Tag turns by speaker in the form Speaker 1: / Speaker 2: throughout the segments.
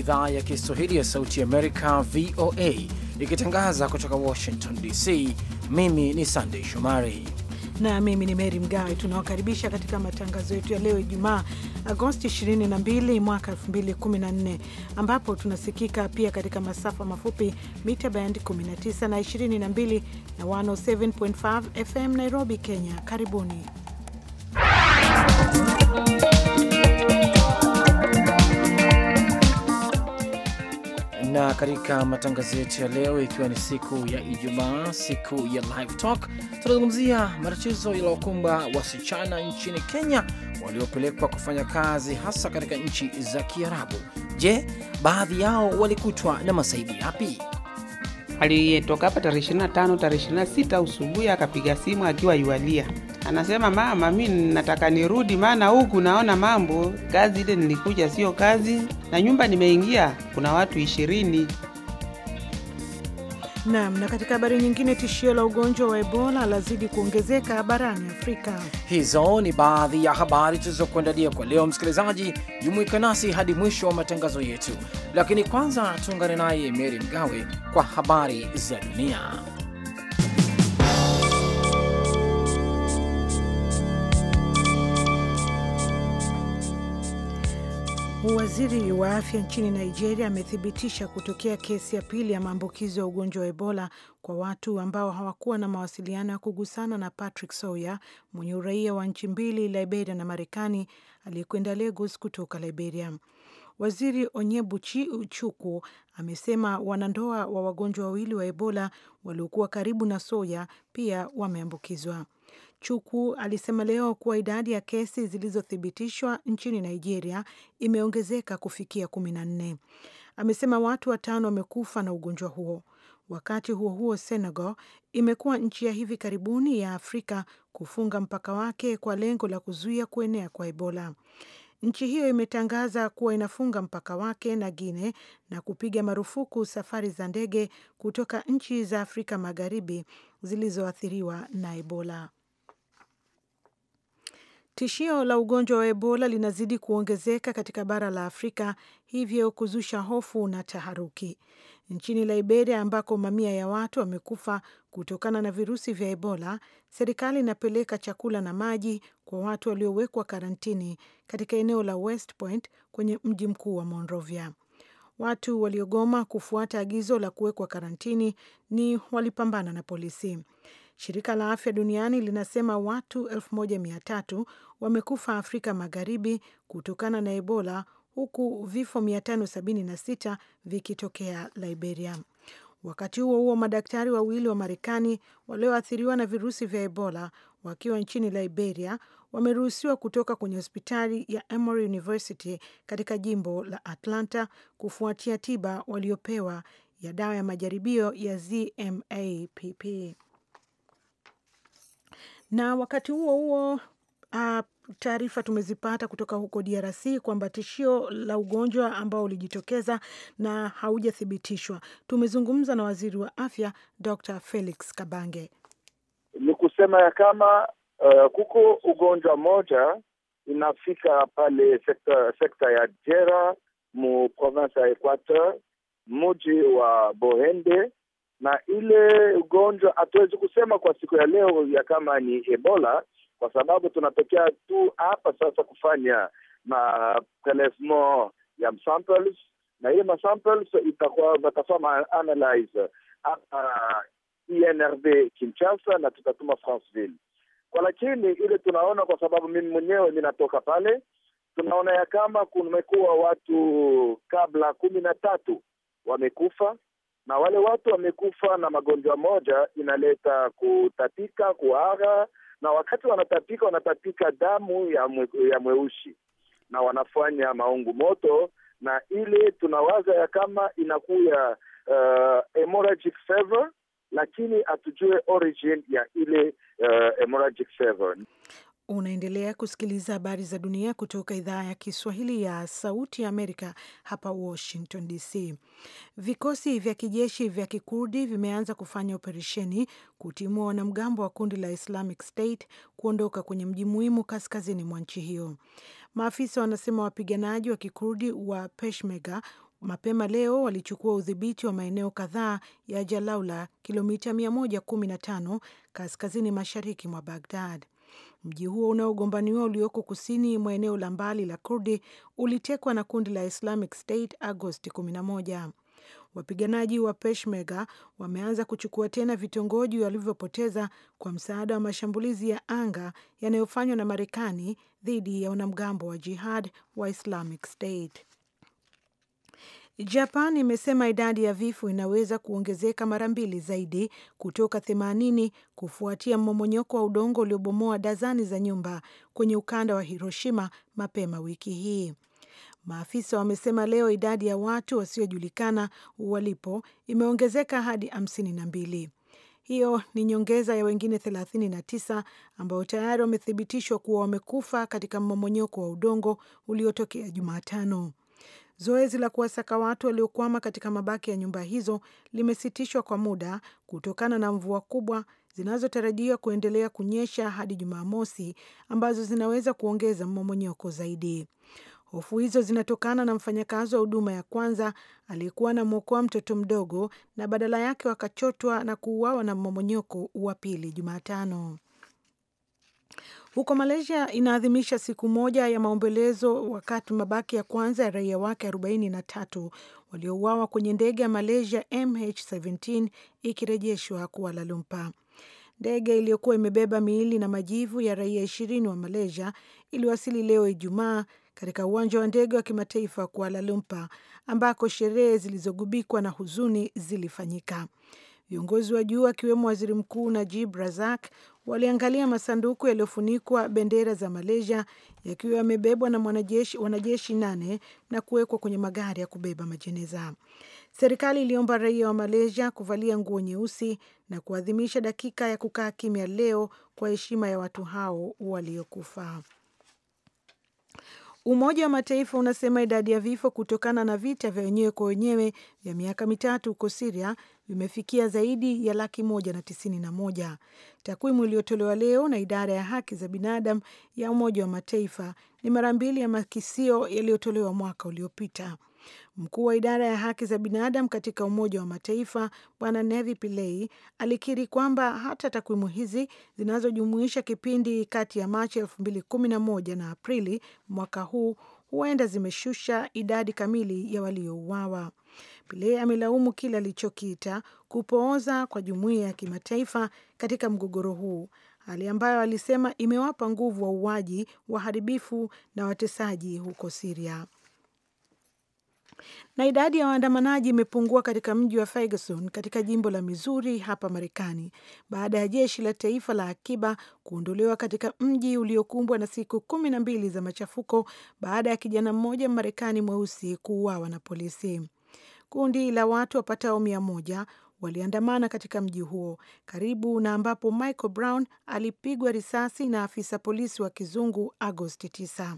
Speaker 1: idhaa ya Kiswahili ya Sauti ya Amerika, VOA, ikitangaza kutoka Washington DC. Mimi ni sandey Shomari
Speaker 2: na mimi ni Meri Mgawe. Tunawakaribisha katika matangazo yetu ya leo Ijumaa, Agosti 22 mwaka 2014, ambapo tunasikika pia katika masafa mafupi mita band 19 na 22 na 107.5 FM Nairobi, Kenya. Karibuni
Speaker 1: na katika matangazo yetu ya leo, ikiwa ni siku ya Ijumaa, siku ya Live Talk, tunazungumzia matatizo yaliyokumba wasichana nchini Kenya waliopelekwa kufanya kazi hasa katika nchi za Kiarabu. Je, baadhi yao walikutwa na masaibu
Speaker 2: yapi? Aliyetoka hapa tarehe 25 tarehe 26 usubuhi akapiga simu akiwa yualia Anasema mama, mi nataka nirudi, maana huku naona mambo, kazi ile nilikuja sio kazi, na nyumba nimeingia kuna watu ishirini. Naam. Na katika habari nyingine, tishio la ugonjwa wa Ebola lazidi kuongezeka barani Afrika.
Speaker 1: Hizo ni baadhi ya habari tulizokuandalia kwa leo. Msikilizaji, jumuika nasi hadi mwisho wa matangazo yetu, lakini kwanza tuungane naye Meri Mgawe kwa habari za dunia.
Speaker 2: Waziri wa afya nchini Nigeria amethibitisha kutokea kesi ya pili ya maambukizo ya ugonjwa wa Ebola kwa watu ambao hawakuwa na mawasiliano ya kugusana na Patrick Sowya mwenye uraia wa nchi mbili, Liberia na Marekani, aliyekwenda Lagos kutoka Liberia. Waziri Onyebuchi Uchukwu amesema wanandoa wa wagonjwa wawili wa Ebola waliokuwa karibu na soya pia wameambukizwa. Chukwu alisema leo kuwa idadi ya kesi zilizothibitishwa nchini Nigeria imeongezeka kufikia kumi na nne. Amesema watu watano wamekufa na ugonjwa huo. Wakati huo huo, Senegal imekuwa nchi ya hivi karibuni ya Afrika kufunga mpaka wake kwa lengo la kuzuia kuenea kwa Ebola. Nchi hiyo imetangaza kuwa inafunga mpaka wake na guine na kupiga marufuku safari za ndege kutoka nchi za Afrika Magharibi zilizoathiriwa na Ebola. Tishio la ugonjwa wa Ebola linazidi kuongezeka katika bara la Afrika, hivyo kuzusha hofu na taharuki nchini Liberia, ambako mamia ya watu wamekufa kutokana na virusi vya Ebola. Serikali inapeleka chakula na maji kwa watu waliowekwa karantini katika eneo la West Point kwenye mji mkuu wa Monrovia. Watu waliogoma kufuata agizo la kuwekwa karantini ni walipambana na polisi. Shirika la Afya Duniani linasema watu 13 wamekufa Afrika Magharibi kutokana na Ebola, huku vifo 576 vikitokea Liberia. Wakati huo huo, madaktari wawili wa Marekani walioathiriwa na virusi vya Ebola wakiwa nchini Liberia wameruhusiwa kutoka kwenye hospitali ya Emory University katika jimbo la Atlanta kufuatia tiba waliopewa ya dawa ya majaribio ya ZMapp. Na wakati huo huo uh, taarifa tumezipata kutoka huko DRC kwamba tishio la ugonjwa ambao ulijitokeza na haujathibitishwa. Tumezungumza na waziri wa afya Dr. Felix Kabange, ni kusema
Speaker 3: ya kama uh, kuko ugonjwa moja inafika pale sekta, sekta ya Jera mu province ya Equateur, muji wa Bohende na ile ugonjwa hatuwezi kusema kwa siku ya leo ya kama ni Ebola, kwa sababu tunatokea tu hapa sasa kufanya maprelevement ya samples, na ile masamples itakuwa watafanya analyze hapa INRB e Kinshasa na tutatuma Franceville kwa, lakini ile tunaona kwa sababu mimi mwenyewe ninatoka pale, tunaona ya kama kumekuwa watu kabla kumi na tatu wamekufa na wale watu wamekufa na magonjwa moja inaleta kutapika, kuhara, na wakati wanatapika wanatapika damu ya, mwe, ya mweushi na wanafanya maungu moto, na ile tunawaza ya kama inakuya uh, hemorrhagic fever, lakini hatujue origin ya ile uh, hemorrhagic fever.
Speaker 2: Unaendelea kusikiliza habari za dunia kutoka idhaa ya Kiswahili ya Sauti ya Amerika hapa Washington DC. Vikosi vya kijeshi vya Kikurdi vimeanza kufanya operesheni kutimua wanamgambo wa kundi la Islamic State kuondoka kwenye mji muhimu kaskazini mwa nchi hiyo. Maafisa wanasema wapiganaji wa Kikurdi wa Peshmerga mapema leo walichukua udhibiti wa maeneo kadhaa ya Jalaula, kilomita 115 kaskazini mashariki mwa Bagdad. Mji huo unaogombaniwa ulioko kusini mwa eneo la mbali la Kurdi ulitekwa na kundi la Islamic State Agosti 11. Wapiganaji wa Peshmerga wameanza kuchukua tena vitongoji walivyopoteza kwa msaada wa mashambulizi ya anga yanayofanywa na Marekani dhidi ya wanamgambo wa jihad wa Islamic State. Japan imesema idadi ya vifo inaweza kuongezeka mara mbili zaidi kutoka 80 kufuatia mmomonyoko wa udongo uliobomoa dazani za nyumba kwenye ukanda wa Hiroshima mapema wiki hii. Maafisa wamesema leo idadi ya watu wasiojulikana walipo imeongezeka hadi hamsini na mbili Hiyo ni nyongeza ya wengine 39 ambao tayari wamethibitishwa kuwa wamekufa katika mmomonyoko wa udongo uliotokea Jumatano. Zoezi la kuwasaka watu waliokwama katika mabaki ya nyumba hizo limesitishwa kwa muda kutokana na mvua kubwa zinazotarajiwa kuendelea kunyesha hadi Jumamosi, ambazo zinaweza kuongeza mmomonyoko zaidi. Hofu hizo zinatokana na mfanyakazi wa huduma ya kwanza aliyekuwa anamwokoa mtoto mdogo na badala yake wakachotwa na kuuawa na mmomonyoko wa pili Jumatano. Huko Malaysia inaadhimisha siku moja ya maombolezo wakati mabaki ya kwanza ya raia wake 43 waliouawa kwenye ndege ya Malaysia MH17 ikirejeshwa Kuala Lumpur. Ndege iliyokuwa imebeba miili na majivu ya raia ishirini wa Malaysia iliwasili leo Ijumaa katika uwanja wa ndege wa kimataifa Kuala Lumpur ambako sherehe zilizogubikwa na huzuni zilifanyika. Viongozi wa juu akiwemo waziri mkuu Najib Razak waliangalia masanduku yaliyofunikwa bendera za Malaysia yakiwa yamebebwa na wanajeshi nane na kuwekwa kwenye magari ya kubeba majeneza. Serikali iliomba raia wa Malaysia kuvalia nguo nyeusi na kuadhimisha dakika ya kukaa kimya leo kwa heshima ya watu hao waliokufa. Umoja wa Mataifa unasema idadi ya vifo kutokana na vita vya wenyewe kwa wenyewe vya miaka mitatu huko Siria vimefikia zaidi ya laki moja na tisini na moja. Takwimu iliyotolewa leo na idara ya haki za binadamu ya Umoja wa Mataifa ni mara mbili ya makisio yaliyotolewa mwaka uliopita. Mkuu wa idara ya haki za binadamu katika Umoja wa Mataifa Bwana Nevi Pillay alikiri kwamba hata takwimu hizi zinazojumuisha kipindi kati ya Machi 2011 na Aprili mwaka huu huenda zimeshusha idadi kamili ya waliouawa. Pillay amelaumu kile alichokiita kupooza kwa jumuiya ya kimataifa katika mgogoro huu, hali ambayo alisema imewapa nguvu wauaji, waharibifu na watesaji huko Siria. Na idadi ya waandamanaji imepungua katika mji wa Ferguson katika jimbo la Missouri hapa Marekani baada ya jeshi la taifa la akiba kuondolewa katika mji uliokumbwa na siku kumi na mbili za machafuko baada ya kijana mmoja Marekani mweusi kuuawa na polisi. Kundi la watu wapatao mia moja waliandamana katika mji huo karibu na ambapo Michael Brown alipigwa risasi na afisa polisi wa kizungu Agosti 9.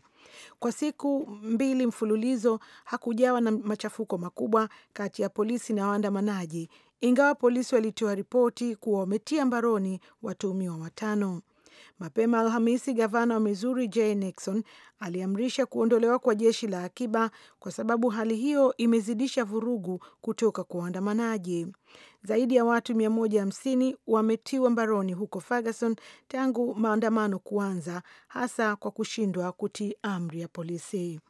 Speaker 2: Kwa siku mbili mfululizo hakujawa na machafuko makubwa kati ya polisi na waandamanaji, ingawa polisi walitoa ripoti kuwa wametia mbaroni watuhumiwa watano. Mapema Alhamisi, gavana wa Missouri Jay Nixon aliamrisha kuondolewa kwa jeshi la akiba kwa sababu hali hiyo imezidisha vurugu kutoka kwa waandamanaji. Zaidi ya watu 150 wametiwa mbaroni huko Ferguson tangu maandamano kuanza, hasa kwa kushindwa kutii amri ya polisi.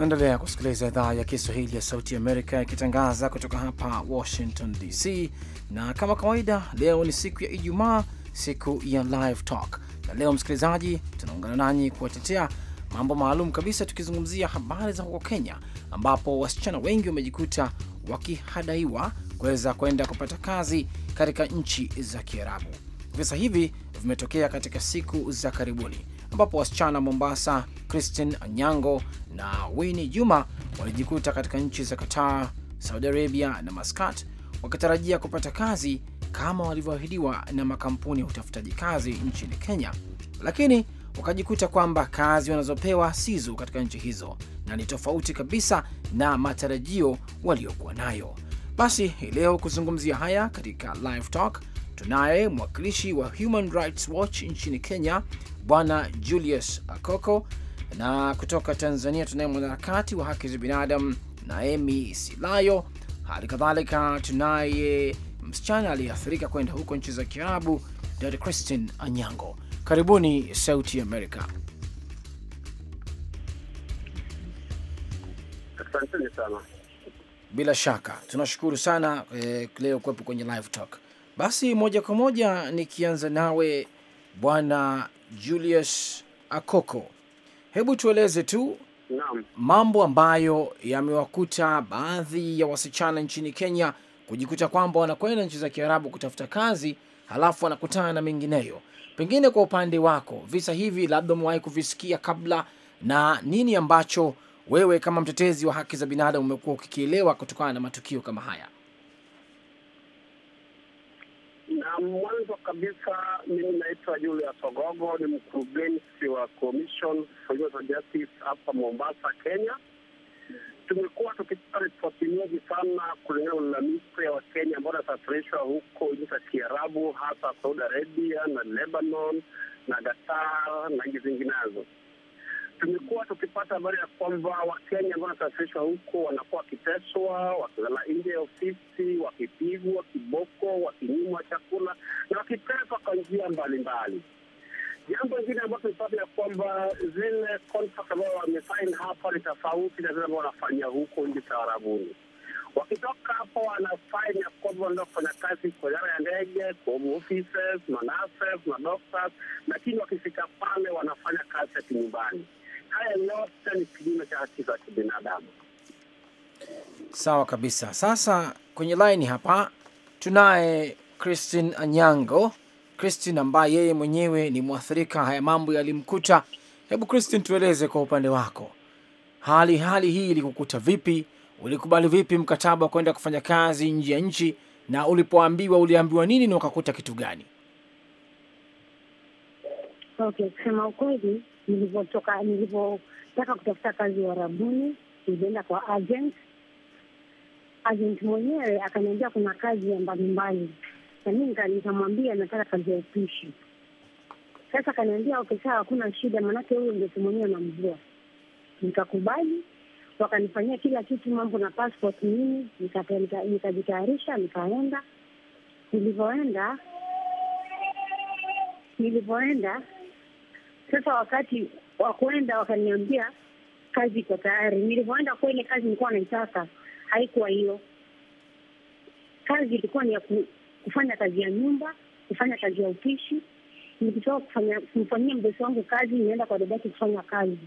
Speaker 1: Naendelea kusikiliza idhaa ya Kiswahili ya Sauti Amerika ikitangaza kutoka hapa Washington DC, na kama kawaida, leo ni siku ya Ijumaa, siku ya Live Talk, na leo msikilizaji, tunaungana nanyi kuwatetea mambo maalum kabisa, tukizungumzia habari za huko Kenya ambapo wasichana wengi wamejikuta wakihadaiwa kuweza kwenda kupata kazi katika nchi za Kiarabu. Visa hivi vimetokea katika siku za karibuni ambapo wasichana Mombasa Christine Anyango na wini Juma walijikuta katika nchi za Qatar, Saudi Arabia na Muscat wakitarajia kupata kazi kama walivyoahidiwa na makampuni ya utafutaji kazi nchini Kenya, lakini wakajikuta kwamba kazi wanazopewa sizo katika nchi hizo na ni tofauti kabisa na matarajio waliokuwa nayo. Basi hii leo kuzungumzia haya katika Live Talk Tunaye mwakilishi wa Human Rights Watch nchini Kenya, Bwana Julius Akoko, na kutoka Tanzania tunaye mwanaharakati wa haki za binadamu Naemi Silayo. Hali kadhalika tunaye msichana aliyeathirika kwenda huko nchi za Kiarabu, Dada Christine Anyango. Karibuni Sauti Amerika. Bila shaka tunashukuru sana eh, leo kuwepo kwenye live talk. Basi moja kwa moja nikianza nawe Bwana Julius Akoko, hebu tueleze tu Naam. mambo ambayo yamewakuta baadhi ya wasichana nchini Kenya kujikuta kwamba wanakwenda nchi za Kiarabu kutafuta kazi, halafu wanakutana na mengineyo. Pengine kwa upande wako visa hivi labda umewahi kuvisikia kabla, na nini ambacho wewe kama mtetezi wa haki za binadamu umekuwa ukikielewa kutokana na matukio kama haya?
Speaker 4: Na mwanzo kabisa, mimi naitwa Julius Ogogo, ni mkurugenzi wa Commission for Youth Justice hapa Mombasa, Kenya. Tumekuwa tukipata ripoti nyingi sana kulingana na malalamiko ya Wakenya ambao wanasafirishwa huko nchi za Kiarabu, hasa Saudi Arabia na Lebanon na Qatar na nchi zinginazo tumekuwa tukipata habari ya kwamba Wakenya ambao wanasafirishwa huko wanakuwa wakiteswa, wakilala nje ya ofisi, wakipigwa kiboko, wakinyimwa chakula na wakiteswa kwa njia mbalimbali. Jambo lingine ambayo tumepata ya kwamba zile contract ambayo hapa ni tofauti na zile ambao wanafanya huko nchi za Arabuni. Wakitoka hapo wanasaini ya kwamba wanaenda kufanya kazi kwa idara ya ndege, kwa offices, manurses, madoctors, lakini wakifika pale wanafanya kazi ya kinyumbani haya yote ni kinyume cha haki za kibinadamu.
Speaker 1: Sawa kabisa. Sasa kwenye laini hapa tunaye Christine Anyango. Christine ambaye yeye mwenyewe ni mwathirika, haya mambo yalimkuta. Hebu Christine, tueleze kwa upande wako, hali hali hii ilikukuta vipi? Ulikubali vipi mkataba wa kwenda kufanya kazi nje ya nchi, na ulipoambiwa uliambiwa nini na ukakuta kitu gani?
Speaker 5: Okay, kusema ukweli nilivyotoka nilivyotaka kutafuta kazi Warabuni, nilienda kwa agent. Agent mwenyewe akaniambia kuna kazi ya mbalimbali, na mi nikamwambia nataka kazi ya upishi. Sasa akaniambia ukisaa hakuna shida, maanake huyo ndio mwenyewe namjua. Nikakubali, wakanifanyia kila kitu, mambo na passport nini, nikajitayarisha, nikaenda. Nilivyoenda nilivyoenda sasa wakati wa kwenda wakaniambia kazi iko tayari. Nilivyoenda kwa ile kazi nilikuwa naitaka haikuwa hiyo kazi, ilikuwa ni ya kufanya kazi ya nyumba, kufanya kazi ya upishi. Nikitoka kufanya kumfanyia mdosi wangu kazi, nienda kwa dadake kufanya kazi.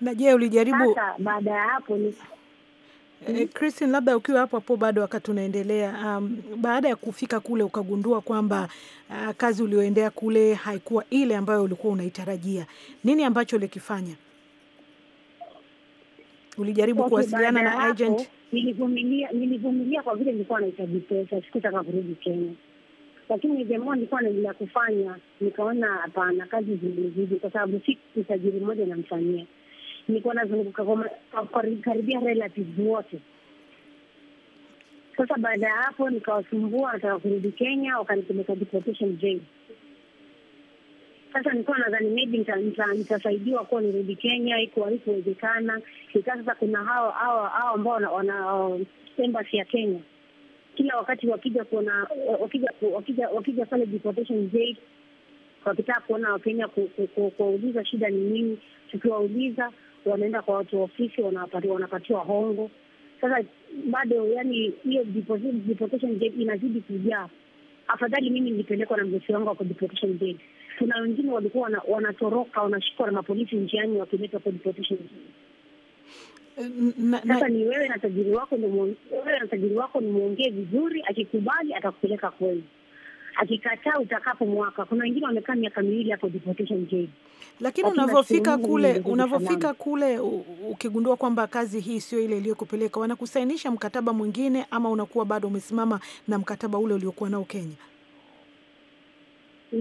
Speaker 2: Na je, ulijaribu? Baada ya hapo ni mm -hmm. labda ukiwa hapo hapo bado wakati unaendelea, um, baada ya kufika kule ukagundua kwamba uh, kazi ulioendea kule haikuwa ile ambayo ulikuwa unaitarajia, nini ambacho ulikifanya? Ulijaribu okay, kuwasiliana na agent?
Speaker 5: Nilivumilia, nilivumilia kwa vile nilikuwa nahitaji pesa, sikutaka kurudi Kenya, lakini jamaa nilikuwa naendelea kufanya, nikaona hapana, kazi zimezidi, kwa sababu si tajiri mmoja namfanyia nilikuwa nazunguka karibia relatives wote. Sasa baada ya hapo nikawasumbua, nataka kurudi Kenya, wakanipeleka deportation jail. Sasa nilikuwa nadhani maybe nitasaidiwa kuwa nirudi Kenya, haikuwezekana. Ikaa sasa kuna hao hao ambao wana um, embassy ya Kenya kila wakati wakija kuona wakija wakija wakija pale deportation jail wakitaka kuona Wakenya kuwauliza shida ni nini, tukiwauliza wanaenda kwa watu wa ofisi wanapatiwa, wanapatiwa hongo. Sasa bado yani hiyo deportation inazidi kujaa. Afadhali mimi nilipelekwa na mgosi wangu kwa deportation Kuna wengine walikuwa wanatoroka wanashikwa na mapolisi njiani wakiletwa kwa deportation eh, sasa ni wewe na tajiri wako ni wewe na tajiri wako ni muongee vizuri, akikubali atakupeleka kweli, akikataa utakapo mwaka. Kuna wengine wamekaa miaka miwili hapo
Speaker 2: deportation lakini unavyofika kule, unavyofika kule ukigundua kwamba kazi hii sio ile iliyokupeleka, wanakusainisha mkataba mwingine, ama unakuwa bado umesimama na mkataba ule uliokuwa nao Kenya?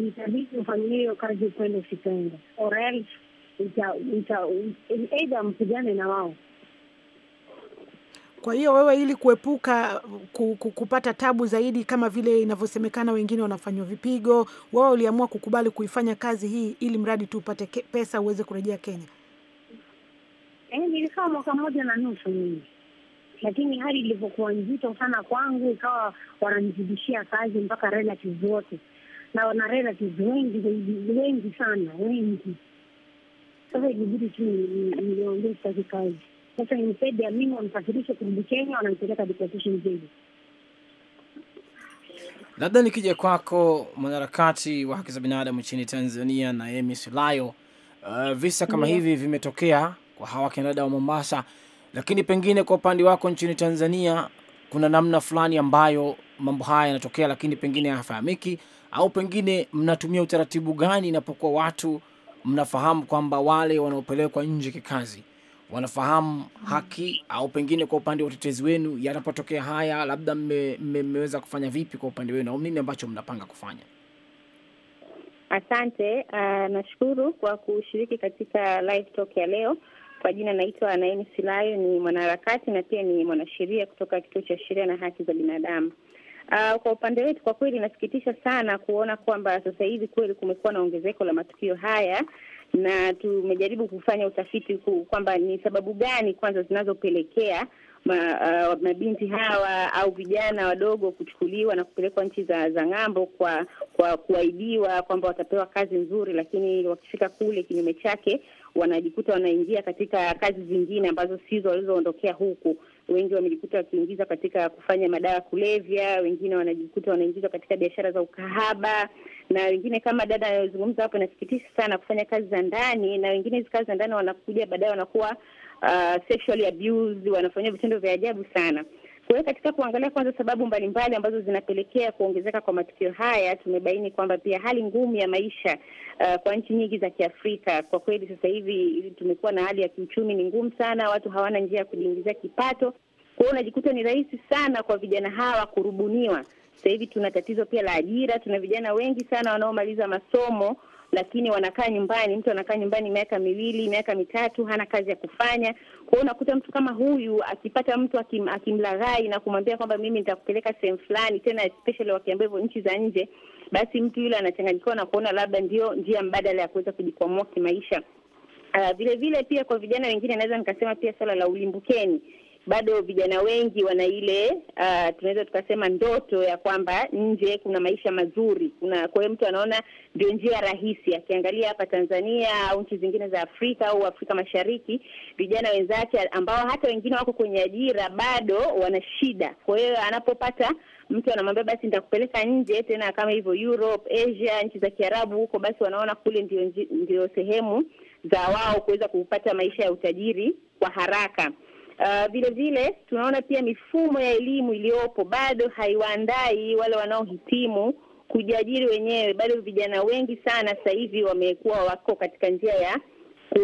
Speaker 5: Itabidi ufanyie hiyo kazi, kwenda, usipende, or else mpigane na wao
Speaker 2: kwa hiyo wewe, ili kuepuka kupata tabu zaidi, kama vile inavyosemekana wengine wanafanywa vipigo, wewe uliamua kukubali kuifanya kazi hii ili mradi tu upate pesa uweze kurejea Kenya? Nilikaa mwaka mmoja na nusu mimi, lakini hali ilivyokuwa nzito sana kwangu, ikawa
Speaker 5: wananizidishia kazi mpaka relatives wote na wana relatives wengi zaidi, wengi sana, wengi. Sasa ilibidi tu niongeze kazi sasa ni Said Amin wamsafirishe kurudi Kenya, wanampeleka deportation zedi.
Speaker 1: Labda nikija kwako mwanaharakati wa haki za binadamu nchini Tanzania Naemi Sulayo, uh, visa kama yeah, hivi vimetokea kwa hawa kinadada wa Mombasa, lakini pengine kwa upande wako nchini Tanzania kuna namna fulani ambayo mambo haya yanatokea, lakini pengine hayafahamiki, au pengine mnatumia utaratibu gani inapokuwa watu mnafahamu kwamba wale wanaopelekwa nje kikazi wanafahamu haki au pengine kwa upande wa utetezi wenu, yanapotokea haya, labda mmeweza me, kufanya vipi kwa upande wenu au nini ambacho mnapanga kufanya?
Speaker 6: Asante. Uh, nashukuru kwa kushiriki katika live talk ya leo. Kwa jina naitwa Naemi Silayo, ni mwanaharakati na pia ni mwanasheria kutoka Kituo cha Sheria na Haki za Binadamu. Uh, kwa upande wetu kwa kweli inasikitisha sana kuona kwamba sasa hivi kweli kumekuwa na ongezeko la matukio haya na tumejaribu kufanya utafiti kwamba ni sababu gani kwanza zinazopelekea ma, uh, mabinti hawa au vijana wadogo kuchukuliwa na kupelekwa nchi za, za ng'ambo kwa kwa kuahidiwa kwamba watapewa kazi nzuri, lakini wakifika kule kinyume chake wanajikuta wanaingia katika kazi zingine ambazo sizo walizoondokea huku. Wengi wamejikuta wakiingiza katika kufanya madawa kulevya, wengine wanajikuta wanaingizwa katika biashara za ukahaba, na wengine kama dada anayozungumza hapo, inasikitisha sana, kufanya kazi za ndani, na wengine hizi kazi za ndani wanakuja baadaye wanakuwa uh, sexually abused, wanafanyiwa vitendo vya ajabu sana. Kwa hiyo katika kuangalia kwanza sababu mbalimbali ambazo zinapelekea kuongezeka kwa matukio haya, tumebaini kwamba pia hali ngumu ya maisha uh, kwa nchi nyingi za Kiafrika kwa kweli sasa hivi tumekuwa na hali ya kiuchumi ni ngumu sana, watu hawana njia ya kujiingizia kipato. Kwa hiyo unajikuta ni rahisi sana kwa vijana hawa kurubuniwa. Sasa hivi tuna tatizo pia la ajira, tuna vijana wengi sana wanaomaliza masomo lakini wanakaa nyumbani. Mtu anakaa nyumbani miaka miwili, miaka mitatu, hana kazi ya kufanya. Kwa hiyo unakuta mtu kama huyu akipata mtu akim, akimlaghai na kumwambia kwamba mimi nitakupeleka sehemu fulani, tena especially wakiambia hivyo nchi za nje, basi mtu yule anachanganyikiwa na kuona labda ndio njia mbadala ya kuweza kujikwamua kimaisha. Uh, vile vile pia kwa vijana wengine naweza nikasema pia swala la ulimbukeni bado vijana wengi wana ile uh, tunaweza tukasema ndoto ya kwamba nje kuna maisha mazuri, kuna kwa hiyo mtu anaona ndio njia rahisi. Akiangalia hapa Tanzania au nchi zingine za Afrika au Afrika Mashariki, vijana wenzake ambao hata wengine wako kwenye ajira bado wana shida. Kwa hiyo anapopata mtu anamwambia basi nitakupeleka nje, tena kama hivyo Europe, Asia, nchi za Kiarabu huko, basi wanaona kule ndio, ndio sehemu za wao kuweza kupata maisha ya utajiri kwa haraka. Vilevile eh, vile tunaona pia mifumo ya elimu iliyopo bado haiwaandai wale wanaohitimu kujiajiri wenyewe. Bado vijana wengi sana sasa hivi wamekuwa wako katika njia ya ku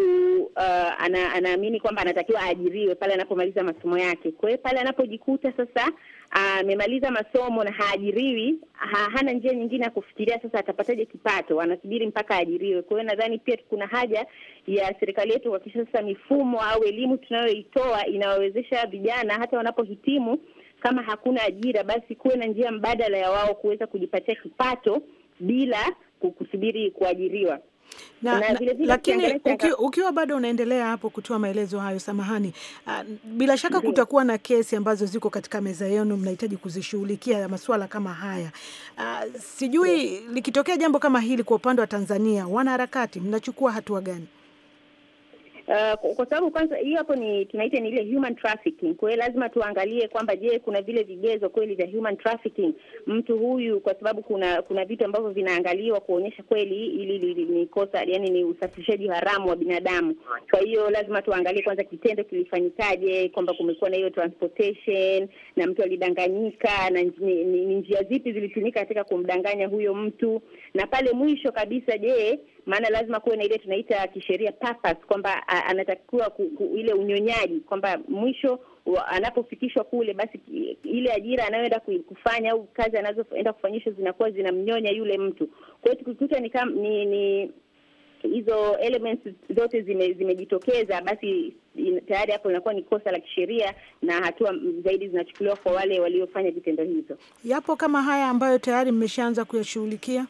Speaker 6: uh, ana, anaamini kwamba anatakiwa aajiriwe pale anapomaliza masomo yake. Kwa hiyo pale anapojikuta sasa uh, amemaliza uh, masomo na haajiriwi, ha, hana njia nyingine ya kufikiria sasa atapataje kipato, anasubiri mpaka aajiriwe. Kwa hiyo nadhani pia kuna haja ya serikali yetu kuhakikisha sasa mifumo au elimu tunayoitoa inawawezesha vijana hata wanapohitimu, kama hakuna ajira, basi kuwe na njia mbadala ya wao kuweza kujipatia kipato bila kusubiri kuajiriwa na, na, lakini uki,
Speaker 2: ukiwa bado unaendelea hapo kutoa maelezo hayo, samahani, uh, bila shaka Ndiyo. kutakuwa na kesi ambazo ziko katika meza yenu, mnahitaji kuzishughulikia ya masuala kama haya uh, sijui Ndiyo. likitokea jambo kama hili kwa upande wa Tanzania, wanaharakati mnachukua hatua gani?
Speaker 6: uh, kwa sababu kwanza hiyo hapo ni tunaita ni ile human trafficking. Kwa hiyo lazima tuangalie kwamba je, kuna vile vigezo kweli vya human trafficking mtu huyu, kwa sababu kuna kuna vitu ambavyo vinaangaliwa kuonyesha kweli ili ni kosa, yani ni usafirishaji haramu wa binadamu. Kwa hiyo lazima tuangalie kwanza kitendo kilifanyikaje, kwamba kumekuwa na hiyo transportation na mtu alidanganyika, na ni njia zipi zilitumika katika kumdanganya huyo mtu, na pale mwisho kabisa je maana lazima kuwe na ile tunaita kisheria purpose, kwamba anatakiwa ku, ku, ile unyonyaji kwamba mwisho anapofikishwa kule, basi ile ajira anayoenda kufanya au kazi anazoenda kufanyishwa zinakuwa zinamnyonya yule mtu. Kwa hiyo tukikuta ni, ni, ni hizo elements zote zime, zimejitokeza basi tayari hapo inakuwa ni kosa la kisheria na hatua zaidi zinachukuliwa kwa wale waliofanya vitendo hizo. Yapo kama
Speaker 2: haya ambayo tayari mmeshaanza kuyashughulikia?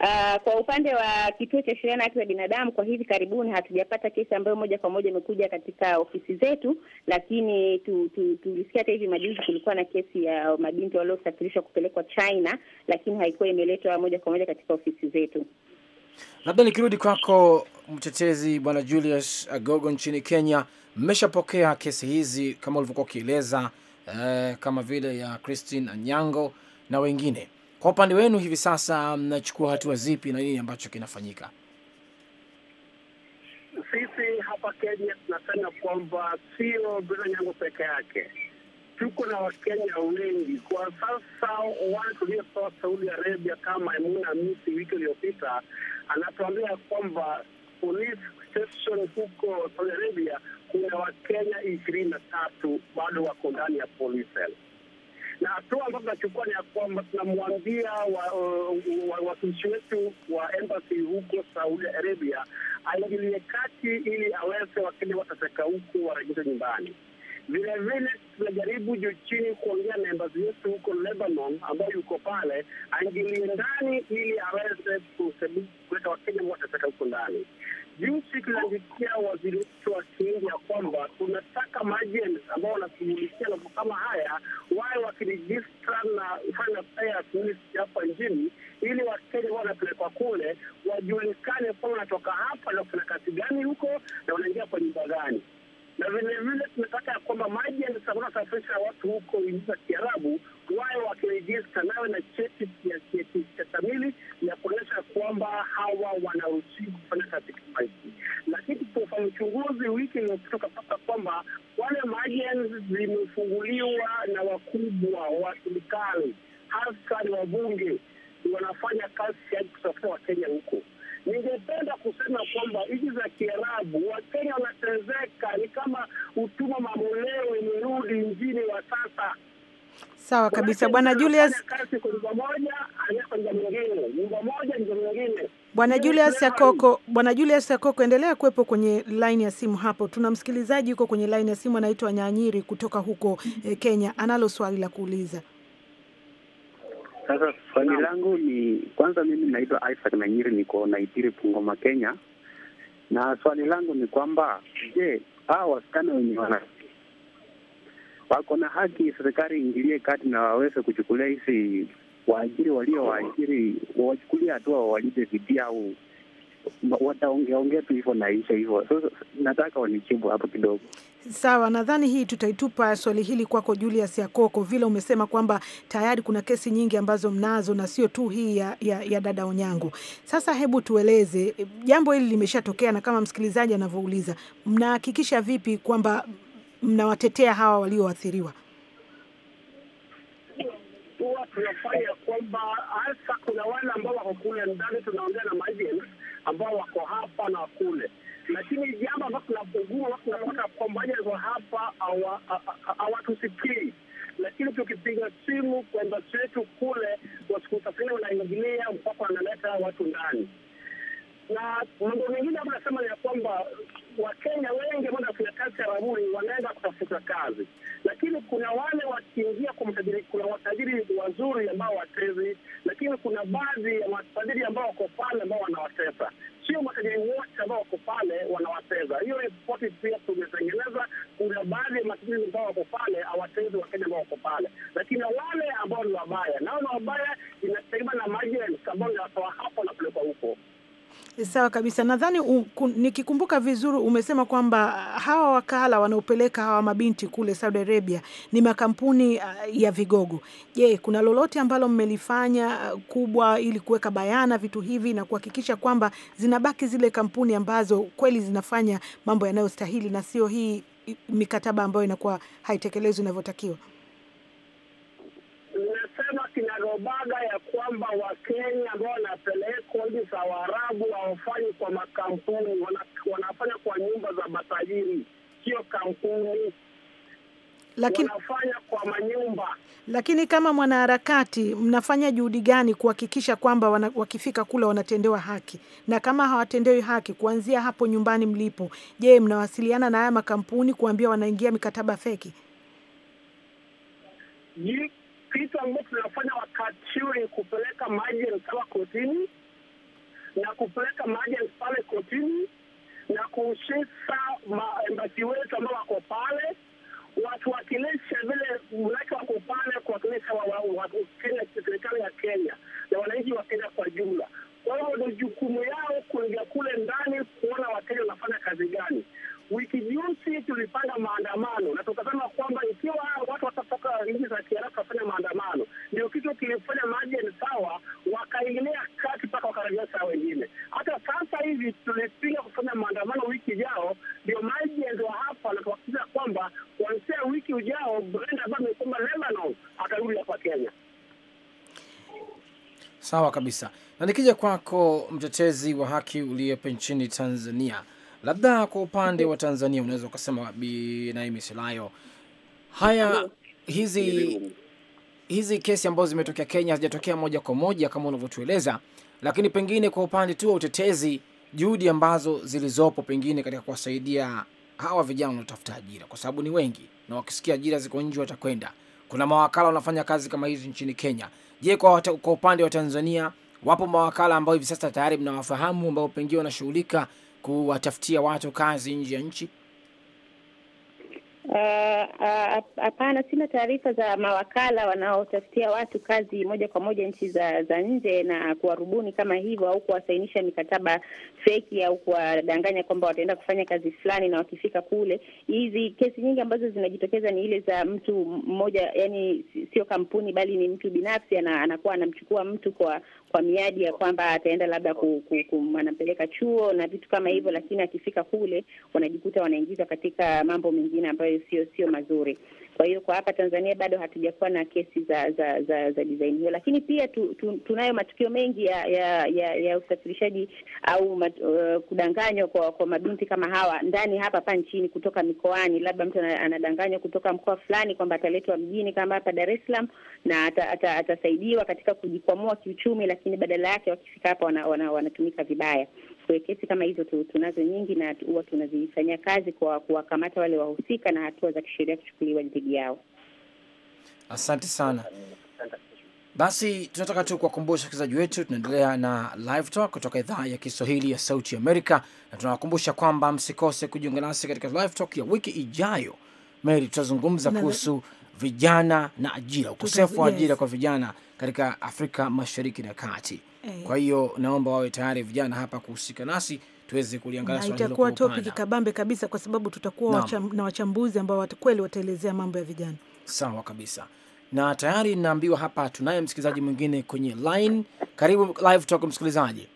Speaker 6: Uh, kwa upande wa kituo cha sheria na haki za binadamu kwa hivi karibuni hatujapata kesi ambayo moja kwa moja imekuja katika ofisi zetu, lakini tulisikia tu, tu, hata hivi majuzi kulikuwa na kesi ya mabinti waliosafirishwa kupelekwa China, lakini haikuwa imeletwa moja kwa moja katika ofisi zetu.
Speaker 1: Labda nikirudi kwako, mtetezi Bwana Julius Agogo nchini Kenya, mmeshapokea kesi hizi kama ulivyokuwa ukieleza, eh, kama vile ya Christine Anyango na wengine kwa upande wenu hivi sasa mnachukua hatua zipi na nini ambacho kinafanyika?
Speaker 4: Sisi hapa Kenya tunasema kwamba sio Bila Nyango peke yake, tuko na Wakenya wengi kwa sasa. Wale tuliotoa Saudi Arabia kama Emuna Misi wiki iliyopita anatuambia kwamba police station huko Saudi Arabia kuna Wakenya ishirini na tatu bado wako ndani ya police na hatua ambazo tunachukua ni ya kwamba tunamwambia wawakilishi wetu wa embassy huko Saudi Arabia aingilie kati ili aweze Wakenya watateka huko warejeshwe nyumbani. Vilevile tunajaribu juu chini kuongea na embassy yetu huko Lebanon ambayo yuko pale, aingilie ndani ili aweze kuweka Wakenya watateka huko ndani Juzi tunasikia waziri wetu ya kwamba tunataka majeni ambao wanashughulikia mambo kama haya wawe wakirejistra na foreign hapa nchini, ili Wakenya ambao wanapelekwa kule wajulikane kwamba wanatoka hapa na kufanya kazi gani huko na wanaingia kwa nyumba gani na vilevile tumepata ya kwamba maji yanasafirisha watu huko nchi za Kiarabu, wayo wakirejista nawe na cheti ya cheti cha kamili ya kuonyesha kwamba hawa wanaruhusiwa kufanya kazi kama Lakini tofauti uchunguzi wiki iliyopita ukapata kwamba wale maajens zimefunguliwa na wakubwa wa serikali hasa ni wabunge wanafanya kazi ya kutafuta Wakenya huko Ningependa kusema kwamba nchi za Kiarabu, Wakenya wanatezeka, ni kama
Speaker 2: utuma mamboleo imerudi nchini wa sasa. Sawa kabisa Bwana Julius, Bwana Julius Yakoko, Bwana Julius Yakoko, endelea kuwepo kwenye line ya simu hapo. Tuna msikilizaji huko kwenye line ya simu anaitwa Nyanyiri kutoka huko eh, Kenya, analo swali la kuuliza.
Speaker 7: Sasa swali langu ni kwanza, mimi naitwa Isaac Nanyiri, niko Naitiri, pungoma Kenya, na swali langu ni kwamba je, hawa wasichana wenye wana wako na haki, serikali ingilie kati na waweze kuchukulia hizi waajiri walio waajiri, wawachukulia hatua, wawalipe vidi au wataongeaongea tu hivyo naisha hivyo. So, nataka wanichibu hapo kidogo.
Speaker 2: Sawa, nadhani hii tutaitupa swali hili kwako Julius Yakoko, vile umesema kwamba tayari kuna kesi nyingi ambazo mnazo na sio tu hii ya, ya, ya dada Onyango. Sasa hebu tueleze, jambo hili limeshatokea, na kama msikilizaji anavyouliza, mnahakikisha vipi kwamba mnawatetea hawa walioathiriwa?
Speaker 4: Huwa tunafanya kwamba hasa kuna wale ambao wako kule ndani, tunaongea na maajenti ambao wako hapa na kule lakini jambo ambao tunapogua tunaona kwambaja hapa hawatusikii, lakini tukipiga simu kwa embasi kule, wasikutasini wanaingilia mpaka wanaleta watu ndani na mambo mengine hapa nasema ya kwamba Wakenya wengi ambao wanafanya kazi Arabuni wanaenda kutafuta kazi, lakini kuna wale wakiingia kwa matajiri, kuna watajiri wazuri ambao watezi, lakini kuna baadhi ya matajiri ambao wako pale ambao wanawatesa. Sio matajiri wote ambao wako pale wanawateza. Hiyo ripoti pia tumetengeneza. Kuna baadhi ya matajiri ambao wako pale hawatezi Wakenya ambao wako pale, lakini wale ambao ni wabaya, nao ni wabaya inategemea na majens ambao inatoa hapo na kuleka huko
Speaker 2: Sawa kabisa. Nadhani nikikumbuka vizuri, umesema kwamba uh, hawa wakala wanaopeleka hawa mabinti kule Saudi Arabia ni makampuni uh, ya vigogo. Je, kuna lolote ambalo mmelifanya uh, kubwa ili kuweka bayana vitu hivi na kuhakikisha kwamba zinabaki zile kampuni ambazo kweli zinafanya mambo yanayostahili na sio hii mikataba ambayo inakuwa haitekelezwi inavyotakiwa?
Speaker 4: baada ya kwamba Wakenya ambao wanapelekwa nchi za Waarabu hawafanyi kwa makampuni, wanafanya kwa nyumba za matajiri, sio kampuni lakini, wanafanya kwa manyumba.
Speaker 2: Lakini kama mwanaharakati, mnafanya juhudi gani kuhakikisha kwamba wana, wakifika kule wanatendewa haki, na kama hawatendewi haki kuanzia hapo nyumbani mlipo, je, mnawasiliana na haya makampuni kuambia wanaingia mikataba feki?
Speaker 4: kitu ambao tunafanya wakati huu ni kupeleka maji sawa kotini na kupeleka maji pale kotini na kuhusisha maembasi wetu ambao wako pale watuwakilisha vile mlake wako pale kuwakilisha serikali ya Kenya na wananchi wa Kenya kwa jumla. Kwa hiyo ni jukumu yao kuingia kule ndani kuona Wakenya wanafanya kazi gani wiki juzi tulipanda maandamano na tukasema kwamba ikiwa watu watatoka nchi za Kiarabu wafanya maandamano, ndio kitu kilifanya maji maajenti sawa wakaingilia kati mpaka wakarejea saa wengine. Hata sasa hivi tulipinga kufanya maandamano wiki ijao, ndio maji wa hapa wanatuhakikisha kwamba kuanzia wiki ujao Brenda ambayo amekumba Lebanon atarudi hapa Kenya.
Speaker 1: Sawa kabisa, na nikija kwako, mtetezi wa haki uliyepo nchini Tanzania Labda kwa upande wa Tanzania unaweza ukasema, Bi Naimi Silayo, haya hizi hizi kesi ambazo zimetokea Kenya hazijatokea moja kwa moja kama unavyotueleza, lakini pengine kwa upande tu wa utetezi, juhudi ambazo zilizopo pengine katika kuwasaidia hawa vijana wanaotafuta ajira, kwa sababu ni wengi na wakisikia ajira ziko nje watakwenda. Kuna mawakala wanafanya kazi kama hizi nchini Kenya. Je, kwa, kwa upande wa Tanzania wapo mawakala ambao hivi sasa tayari mnawafahamu ambao pengine wanashughulika kuwatafutia watu kazi nje ya nchi?
Speaker 6: Eh, eh, hapana, uh, uh, sina taarifa za mawakala wanaotafutia watu kazi moja kwa moja nchi za, za nje na kuwarubuni kama hivyo, au kuwasainisha mikataba feki au kuwadanganya kwamba wataenda kufanya kazi fulani, na wakifika kule, hizi kesi nyingi ambazo zinajitokeza ni ile za mtu mmoja, yani sio kampuni, bali ni mtu binafsi, anakuwa anamchukua mtu kwa kwa miadi ya kwamba ataenda labda anampeleka chuo na vitu kama hivyo, lakini akifika kule wanajikuta wanaingiza katika mambo mengine ambayo sio sio mazuri. Kwa hiyo kwa hapa Tanzania bado hatujakuwa na kesi za za za, za design hiyo, lakini pia tu, tu, tunayo matukio mengi ya ya, ya, ya usafirishaji au mat, uh, kudanganywa kwa kwa mabinti kama hawa ndani hapa hapa nchini kutoka mikoani, labda mtu anadanganywa kutoka mkoa fulani kwamba ataletwa mjini kama hapa Dar es Salaam na atasaidiwa ata, ata katika kujikwamua kiuchumi, lakini badala yake wakifika hapa wanatumika wana, wana vibaya kesi kama hizo tunazo nyingi, na huwa tunazifanyia kazi kwa kuwakamata wale wahusika na hatua za kisheria kuchukuliwa dhidi yao.
Speaker 1: Asante sana. Basi tunataka tu kuwakumbusha wasikilizaji wetu, tunaendelea na Live Talk kutoka idhaa ya Kiswahili ya Sauti Amerika, na tunawakumbusha kwamba msikose kujiunga nasi katika Live Talk ya wiki ijayo. Mary, tutazungumza kuhusu vijana na ajira, ukosefu wa ajira kwa vijana katika Afrika Mashariki na Kati. Eh. Kwa hiyo naomba wawe tayari vijana hapa kuhusika nasi tuweze kuliangalia swali hilo. Itakuwa topic
Speaker 2: kabambe kabisa, kwa sababu tutakuwa na, wacham, na wachambuzi ambao kweli wataelezea mambo ya vijana.
Speaker 1: Sawa kabisa, na tayari naambiwa hapa tunaye msikilizaji mwingine kwenye line. Karibu live talk, msikilizaji.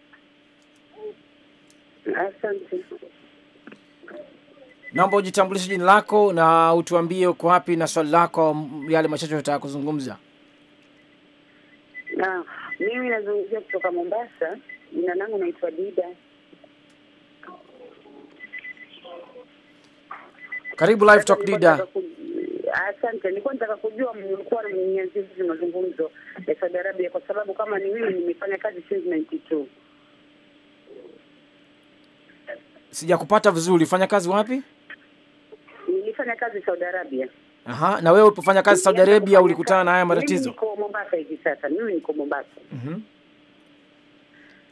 Speaker 4: Asante.
Speaker 1: Naomba ujitambulishe jina lako na utuambie uko wapi na swali lako, yale machache utataka kuzungumza.
Speaker 5: Naam. Mimi nazungumzia kutoka Mombasa. Jina langu naitwa Dida.
Speaker 1: Karibu Live Talk Dida.
Speaker 5: Asante, nilikuwa nataka kujua mlikuwa mnyanzizi mazungumzo ya Saudi Arabia, kwa sababu kama ni mimi nimefanya kazi since 92.
Speaker 1: Sijakupata vizuri, fanya kazi wapi?
Speaker 5: Nilifanya kazi Saudi Arabia.
Speaker 1: Aha, na wewe ulipofanya kazi Saudi Arabia ulikutana na haya matatizo?
Speaker 5: Niko Mombasa hivi sasa, mimi niko Mombasa. Mhm.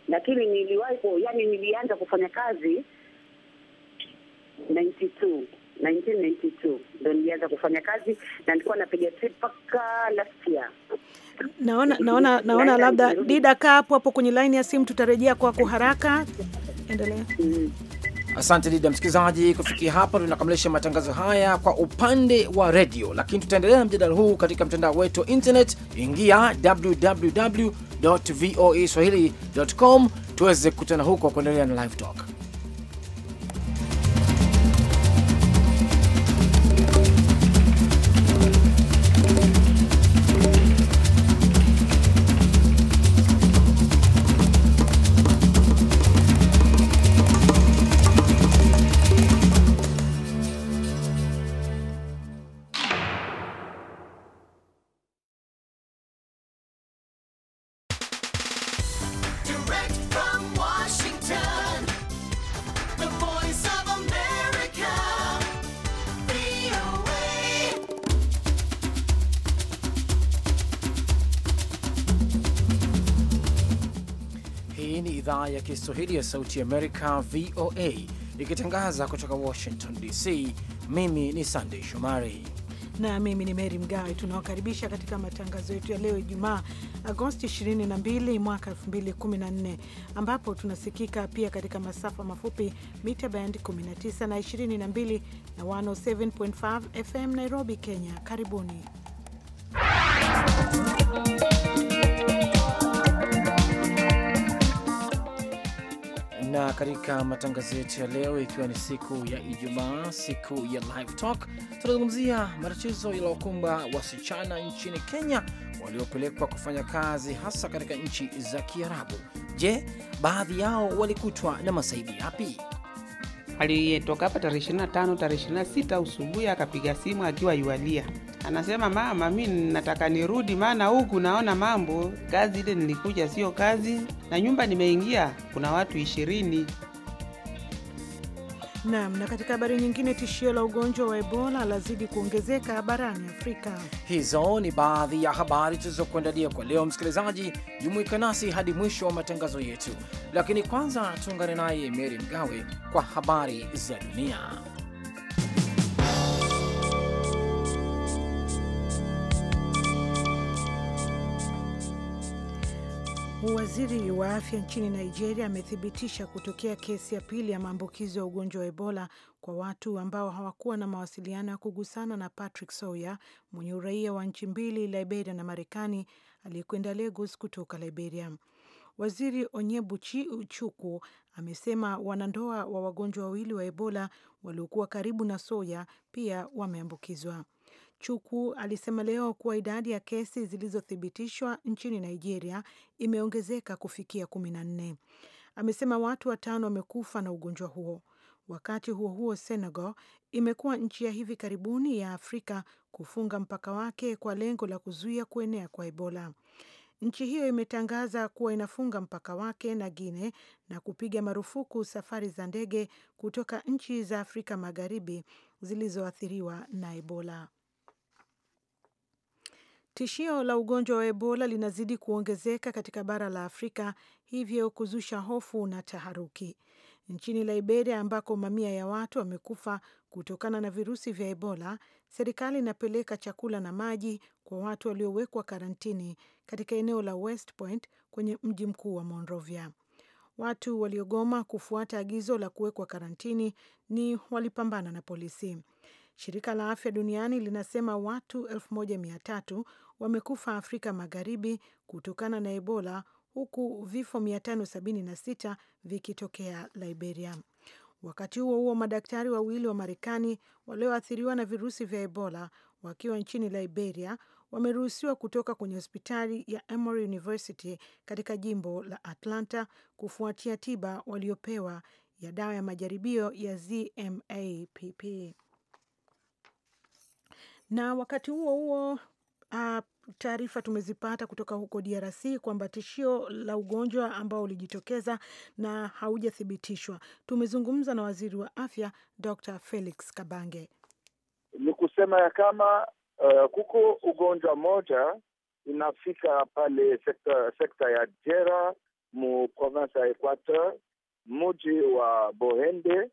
Speaker 5: Lakini niliwahi kwa, yani, nilianza kufanya kazi 92 1992 ndo nilianza kufanya kazi na nilikuwa napiga trip mpaka last year.
Speaker 2: Naona naona naona labda Dida, kaa hapo hapo kwenye line ya simu, tutarejea kwako haraka. Endelea. mm. -hmm.
Speaker 1: Asante Dida msikilizaji, kufikia hapa tunakamilisha matangazo haya kwa upande wa redio, lakini tutaendelea na mjadala huu katika mtandao wetu wa internet. Ingia www voa swahili.com tuweze kukutana huko kuendelea na live talk. idhaa ya Kiswahili ya Sauti ya Amerika, VOA, ikitangaza kutoka Washington DC. Mimi ni Sandey Shomari
Speaker 2: na mimi ni Meri Mgawe. Tunawakaribisha katika matangazo yetu ya leo Ijumaa, Agosti 22 mwaka 2014, ambapo tunasikika pia katika masafa mafupi mita band 19 na 22 na 107.5 FM Nairobi, Kenya. Karibuni
Speaker 1: na katika matangazo yetu ya leo, ikiwa ni siku ya Ijumaa, siku ya live talk, tunazungumzia matatizo yaliyokumba wasichana nchini Kenya waliopelekwa kufanya kazi hasa katika nchi za Kiarabu. Je, baadhi yao walikutwa na masaibu yapi?
Speaker 2: Aliyetoka hapa tarehe 25 tarehe 26 usubuhi akapiga simu akiwa yualia Anasema mama, mi nataka nirudi, maana huku naona mambo, kazi ile nilikuja sio kazi, na nyumba nimeingia kuna watu ishirini. Nam. Na katika habari nyingine, tishio la ugonjwa wa Ebola lazidi kuongezeka barani Afrika.
Speaker 1: Hizo ni baadhi ya habari tulizokuandalia kwa leo. Msikilizaji, jumuika nasi hadi mwisho wa matangazo yetu, lakini kwanza tuungane naye Meri Mgawe kwa habari za dunia.
Speaker 2: Waziri wa afya nchini Nigeria amethibitisha kutokea kesi ya pili ya maambukizo ya ugonjwa wa Ebola kwa watu ambao hawakuwa na mawasiliano ya kugusana na Patrick Sawyer mwenye uraia wa nchi mbili, Liberia na Marekani, aliyekwenda Lagos kutoka Liberia. Waziri Onyebuchi Chukwu amesema wanandoa wa wagonjwa wawili wa Ebola waliokuwa karibu na Soya pia wameambukizwa. Chukwu alisema leo kuwa idadi ya kesi zilizothibitishwa nchini Nigeria imeongezeka kufikia kumi na nne. Amesema watu watano wamekufa na ugonjwa huo. Wakati huo huo, Senegal imekuwa nchi ya hivi karibuni ya Afrika kufunga mpaka wake kwa lengo la kuzuia kuenea kwa Ebola. Nchi hiyo imetangaza kuwa inafunga mpaka wake na guine na kupiga marufuku safari za ndege kutoka nchi za Afrika Magharibi zilizoathiriwa na Ebola. Tishio la ugonjwa wa Ebola linazidi kuongezeka katika bara la Afrika, hivyo kuzusha hofu na taharuki. Nchini Liberia, ambako mamia ya watu wamekufa kutokana na virusi vya Ebola, serikali inapeleka chakula na maji kwa watu waliowekwa karantini katika eneo la West Point kwenye mji mkuu wa Monrovia. Watu waliogoma kufuata agizo la kuwekwa karantini ni walipambana na polisi. Shirika la Afya Duniani linasema watu 13 wamekufa Afrika Magharibi kutokana na Ebola, huku vifo 576 vikitokea Liberia. Wakati huo huo, madaktari wawili wa Marekani walioathiriwa na virusi vya Ebola wakiwa nchini Liberia wameruhusiwa kutoka kwenye hospitali ya Emory University katika jimbo la Atlanta kufuatia tiba waliopewa ya dawa ya majaribio ya ZMapp. Na wakati huo huo uh, taarifa tumezipata kutoka huko DRC kwamba tishio la ugonjwa ambao ulijitokeza na haujathibitishwa. Tumezungumza na waziri wa afya Dr. Felix Kabange,
Speaker 3: ni kusema ya kama uh, kuko ugonjwa moja inafika pale sekta, sekta ya Jera mu province ya Equateur, muji wa Bohende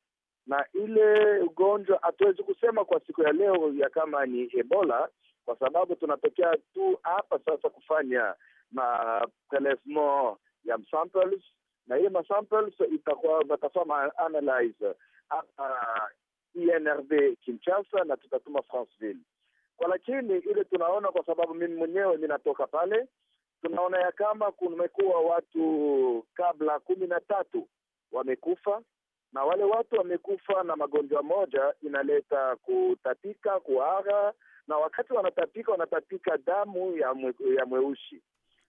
Speaker 3: na ile ugonjwa hatuwezi kusema kwa siku ya leo ya kama ni Ebola kwa sababu tunatokea tu hapa sasa kufanya maprelevement ya samples, na ile masamples itakuwa watafaa analyze hapa INRB e Kinshasa na tutatuma Franceville kwa, lakini ile tunaona kwa sababu mimi mwenyewe ninatoka pale, tunaona ya kama kumekuwa watu kabla kumi na tatu wamekufa na wale watu wamekufa na magonjwa moja inaleta kutapika, kuhara, na wakati wanatapika wanatapika damu ya, mwe, ya mweushi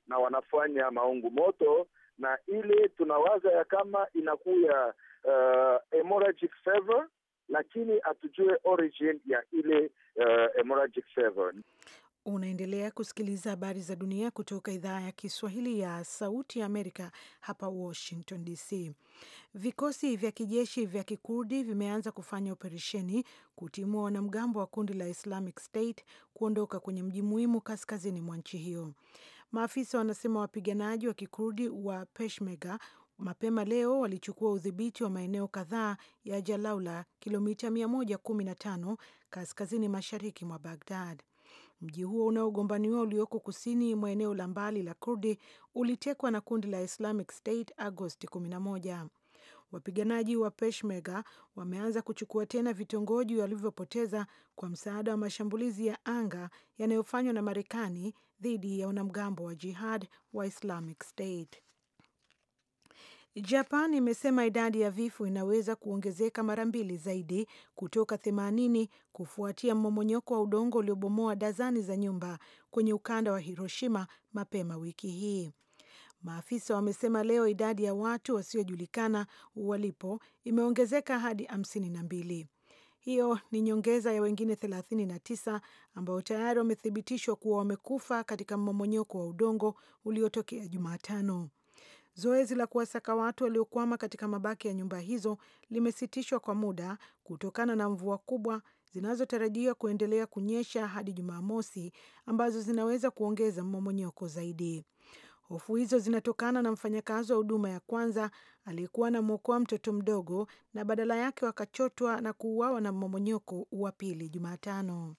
Speaker 3: na wanafanya maungu moto, na ile tunawaza ya kama inakuya uh, hemorrhagic fever, lakini hatujue origin ya ile uh, hemorrhagic fever.
Speaker 2: Unaendelea kusikiliza habari za dunia kutoka idhaa ya Kiswahili ya Sauti ya Amerika hapa Washington DC. Vikosi vya kijeshi vya Kikurdi vimeanza kufanya operesheni kutimua wanamgambo wa kundi la Islamic State kuondoka kwenye mji muhimu kaskazini mwa nchi hiyo. Maafisa wanasema wapiganaji wa Kikurdi wa Peshmerga mapema leo walichukua udhibiti wa maeneo kadhaa ya Jalaula, kilomita 115 kaskazini mashariki mwa Bagdad. Mji huo unaogombaniwa ulioko kusini mwa eneo la mbali la Kurdi ulitekwa na kundi la Islamic State Agosti 11. Wapiganaji wa Peshmerga wameanza kuchukua tena vitongoji walivyopoteza kwa msaada wa mashambulizi ya anga yanayofanywa na Marekani dhidi ya wanamgambo wa jihad wa Islamic State. Japan imesema idadi ya vifo inaweza kuongezeka mara mbili zaidi kutoka 80 kufuatia mmomonyoko wa udongo uliobomoa dazani za nyumba kwenye ukanda wa Hiroshima mapema wiki hii. Maafisa wamesema leo idadi ya watu wasiojulikana walipo imeongezeka hadi hamsini na mbili Hiyo ni nyongeza ya wengine 39 ambao tayari wamethibitishwa kuwa wamekufa katika mmomonyoko wa udongo uliotokea Jumatano. Zoezi la kuwasaka watu waliokwama katika mabaki ya nyumba hizo limesitishwa kwa muda kutokana na mvua kubwa zinazotarajiwa kuendelea kunyesha hadi Jumamosi, ambazo zinaweza kuongeza mmomonyoko zaidi. Hofu hizo zinatokana na mfanyakazi wa huduma ya kwanza aliyekuwa anamwokoa mtoto mdogo na badala yake wakachotwa na kuuawa na mmomonyoko wa pili Jumatano.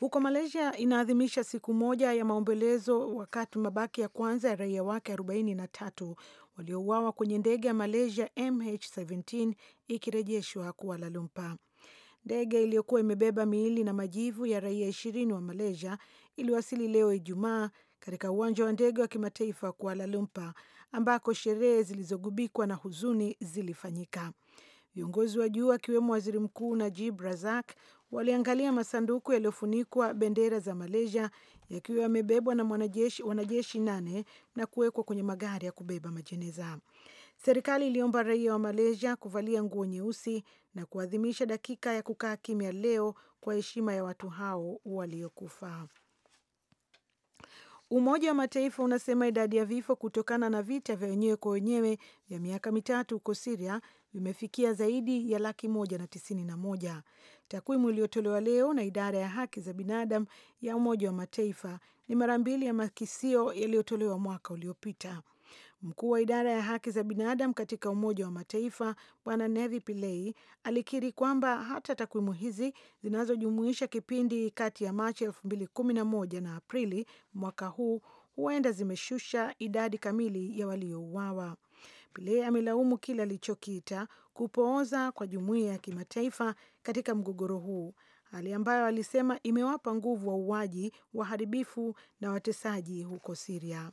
Speaker 2: Huko Malaysia inaadhimisha siku moja ya maombolezo wakati mabaki ya kwanza ya raia wake 43 waliouawa kwenye ndege ya Malaysia MH17 ikirejeshwa Kuala Lumpur. Ndege iliyokuwa imebeba miili na majivu ya raia ishirini wa Malaysia iliwasili leo Ijumaa katika uwanja wa ndege wa kimataifa Kuala Lumpur ambako sherehe zilizogubikwa na huzuni zilifanyika. Viongozi wa juu akiwemo waziri mkuu Najib Razak, waliangalia masanduku yaliyofunikwa bendera za Malaysia yakiwa yamebebwa na wanajeshi, wanajeshi nane na kuwekwa kwenye magari ya kubeba majeneza. Serikali iliomba raia wa Malaysia kuvalia nguo nyeusi na kuadhimisha dakika ya kukaa kimya leo kwa heshima ya watu hao waliokufa. Umoja wa Mataifa unasema idadi ya vifo kutokana na vita vya wenyewe kwa wenyewe vya miaka mitatu huko Siria vimefikia zaidi ya laki moja na tisini na moja. Takwimu iliyotolewa leo na idara ya haki za binadamu ya Umoja wa Mataifa ni mara mbili ya makisio yaliyotolewa mwaka uliopita. Mkuu wa idara ya haki za binadamu katika Umoja wa Mataifa Bwana Nevi Pillay alikiri kwamba hata takwimu hizi zinazojumuisha kipindi kati ya Machi 2011 na Aprili mwaka huu huenda zimeshusha idadi kamili ya waliouawa. Pillay amelaumu kile alichokiita kupooza kwa jumuiya ya kimataifa katika mgogoro huu, hali ambayo alisema imewapa nguvu wauaji, waharibifu na watesaji huko Siria.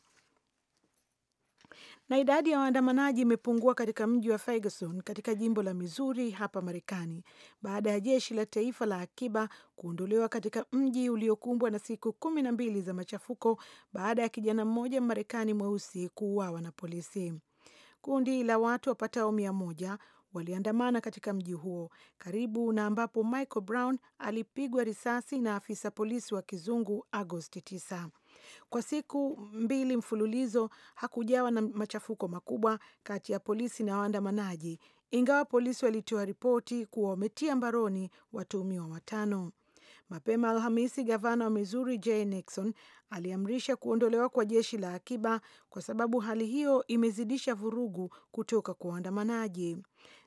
Speaker 2: Na idadi ya waandamanaji imepungua katika mji wa Ferguson katika jimbo la Missouri hapa Marekani baada ya jeshi la taifa la akiba kuondolewa katika mji uliokumbwa na siku kumi na mbili za machafuko baada ya kijana mmoja Marekani mweusi kuuawa na polisi. Kundi la watu wapatao mia moja waliandamana katika mji huo karibu na ambapo Michael Brown alipigwa risasi na afisa polisi wa kizungu Agosti 9. Kwa siku mbili mfululizo hakujawa na machafuko makubwa kati ya polisi na waandamanaji, ingawa polisi walitoa ripoti kuwa wametia mbaroni watuhumiwa watano. Mapema Alhamisi, gavana wa Missouri Jay Nixon aliamrisha kuondolewa kwa jeshi la akiba kwa sababu hali hiyo imezidisha vurugu kutoka kwa waandamanaji.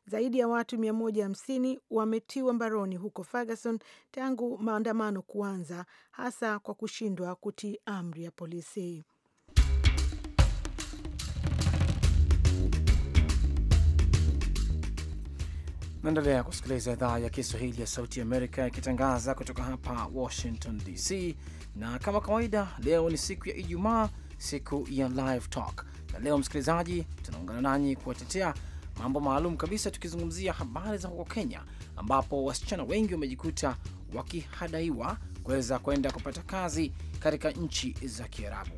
Speaker 2: Zaidi ya watu 150 wametiwa mbaroni huko Ferguson tangu maandamano kuanza, hasa kwa kushindwa kutii amri ya polisi.
Speaker 1: Naendelea kusikiliza idhaa ya Kiswahili ya Sauti Amerika ikitangaza kutoka hapa Washington DC, na kama kawaida, leo ni siku ya Ijumaa, siku ya Live Talk, na leo msikilizaji, tunaungana nanyi kuwatetea mambo maalum kabisa, tukizungumzia habari za huko Kenya ambapo wasichana wengi wamejikuta wakihadaiwa kuweza kwenda kupata kazi katika nchi za Kiarabu.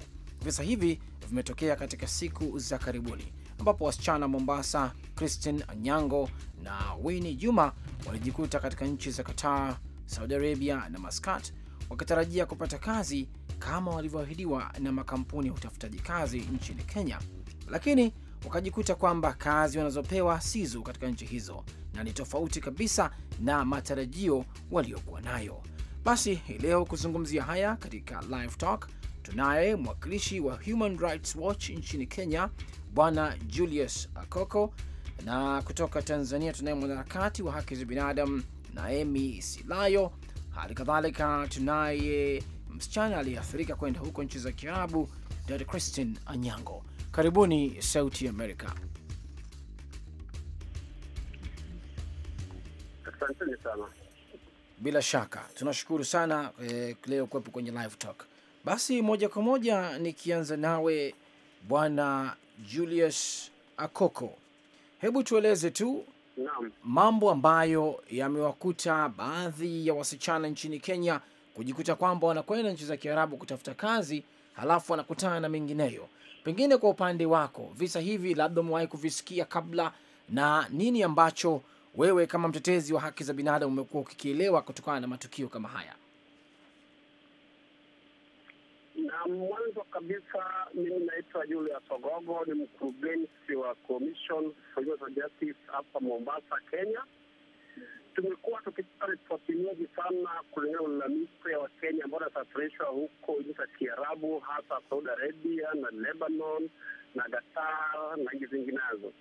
Speaker 1: Visa hivi vimetokea katika siku za karibuni ambapo wasichana Mombasa, Christine Anyango na wini Juma walijikuta katika nchi za Qatar, Saudi Arabia na Muscat wakitarajia kupata kazi kama walivyoahidiwa na makampuni ya utafutaji kazi nchini Kenya, lakini wakajikuta kwamba kazi wanazopewa sizo katika nchi hizo na ni tofauti kabisa na matarajio waliokuwa nayo. Basi hii leo kuzungumzia haya katika Live Talk tunaye mwakilishi wa Human Rights Watch nchini Kenya, Bwana Julius Akoko, na kutoka Tanzania tunaye mwanaharakati wa haki za binadamu Naemi Silayo. Hali kadhalika tunaye msichana aliyeathirika kwenda huko nchi za Kiarabu, Dada Christine Anyango. Karibuni Sauti Amerika. Bila shaka tunashukuru sana eh, leo kuwepo kwenye live talk. Basi moja kwa moja nikianza nawe Bwana Julius Akoko, hebu tueleze tu Naam. mambo ambayo yamewakuta baadhi ya wasichana nchini Kenya kujikuta kwamba wanakwenda nchi za Kiarabu kutafuta kazi, halafu wanakutana na mengineyo. Pengine kwa upande wako visa hivi labda umewahi kuvisikia kabla, na nini ambacho wewe kama mtetezi wa haki za binadamu umekuwa ukikielewa kutokana na matukio kama haya?
Speaker 4: Na mwanzo kabisa, mimi naitwa julia Ogogo, ni mkurugenzi wa Commission for Justice hapa Mombasa, Kenya tumekuwa tukipata ripoti nyingi sana kulingana na malalamiko ya Wakenya ambao wanasafirishwa huko nchi za Kiarabu, hasa Saudi Arabia na Lebanon na Qatar na nchi zinginazo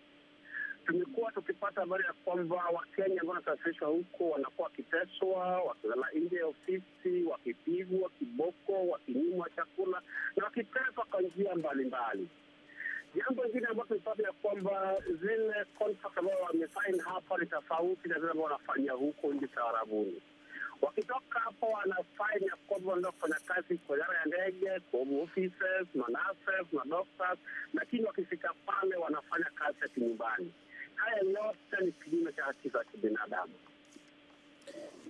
Speaker 4: Tumekuwa tukipata habari ya kwamba Wakenya ambao wanasafirishwa huko wanakuwa wakiteswa, wakilala nje ya ofisi, wakipigwa kiboko, wakinyimwa chakula na wakiteswa kwa njia mbalimbali. Jambo lingine ambazo tunapata ya kwamba zile contract ambayo hapa ni tofauti na zile ambao wanafanya huko nchi za Arabuni. Wakitoka hapo wanasaini ya kwamba wanaenda kufanya kazi kwa idara ya ndege, kwa home offices, manurses, madoctors, lakini wakifika pale wanafanya kazi ya kinyumbani. Haya yote ni kinyume cha haki za kibinadamu.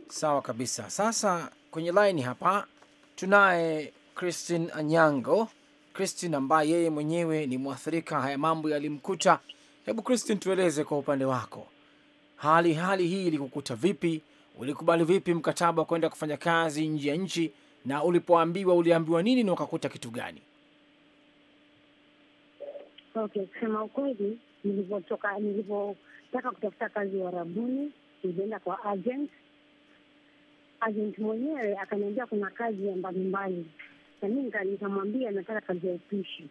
Speaker 1: Sawa kabisa. Sasa kwenye laini hapa tunaye Christine Anyango Christine ambaye yeye mwenyewe ni mwathirika, haya mambo yalimkuta. Hebu Christine, tueleze kwa upande wako, hali hali hii ilikukuta vipi? Ulikubali vipi mkataba wa kwenda kufanya kazi nje ya nchi, na ulipoambiwa uliambiwa nini na ukakuta kitu gani?
Speaker 5: Okay, kusema ukweli, nilivyotoka nilivyotaka kutafuta kazi rabuni nilienda kwa agent. Agent mwenyewe akaniambia kuna kazi ya mbalimbali na nikamwambia nataka kazi ya upishi.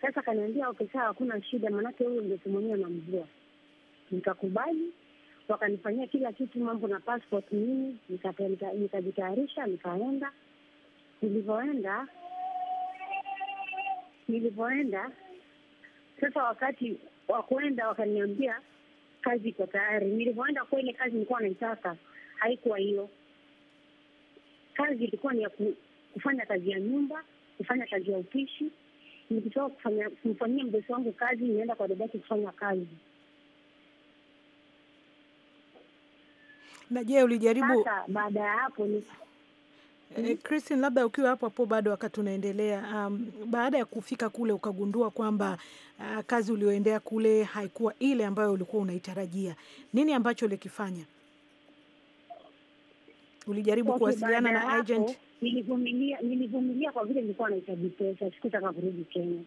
Speaker 5: Sasa kaniambia okay, sawa, hakuna shida, maanake huyu ndio simamia na mvua. Nikakubali, wakanifanyia kila kitu, mambo na passport nini, nikajitayarisha, nikaenda. Nilivyoenda nilivyoenda sasa, wakati wa kuenda wakaniambia kazi iko tayari. Nilivyoenda kwa ile kazi nilikuwa naitaka haikuwa hiyo kazi, ilikuwa ni ya kufanya kazi ya nyumba, kufanya kazi ya upishi. Nikitoka kumfanyia mdosi wangu kazi, inaenda kwa dadake kufanya
Speaker 2: kazi. Na je, ulijaribu baada ya hapo ni eh, hmm? Christine, labda ukiwa hapo hapo bado wakati unaendelea, um, baada ya kufika kule ukagundua kwamba uh, kazi ulioendea kule haikuwa ile ambayo ulikuwa unaitarajia, nini ambacho ulikifanya? Ulijaribu kuwasiliana na agent?
Speaker 5: Nilivumilia, nilivumilia kwa vile nilikuwa nahitaji pesa, sikutaka kurudi Kenya,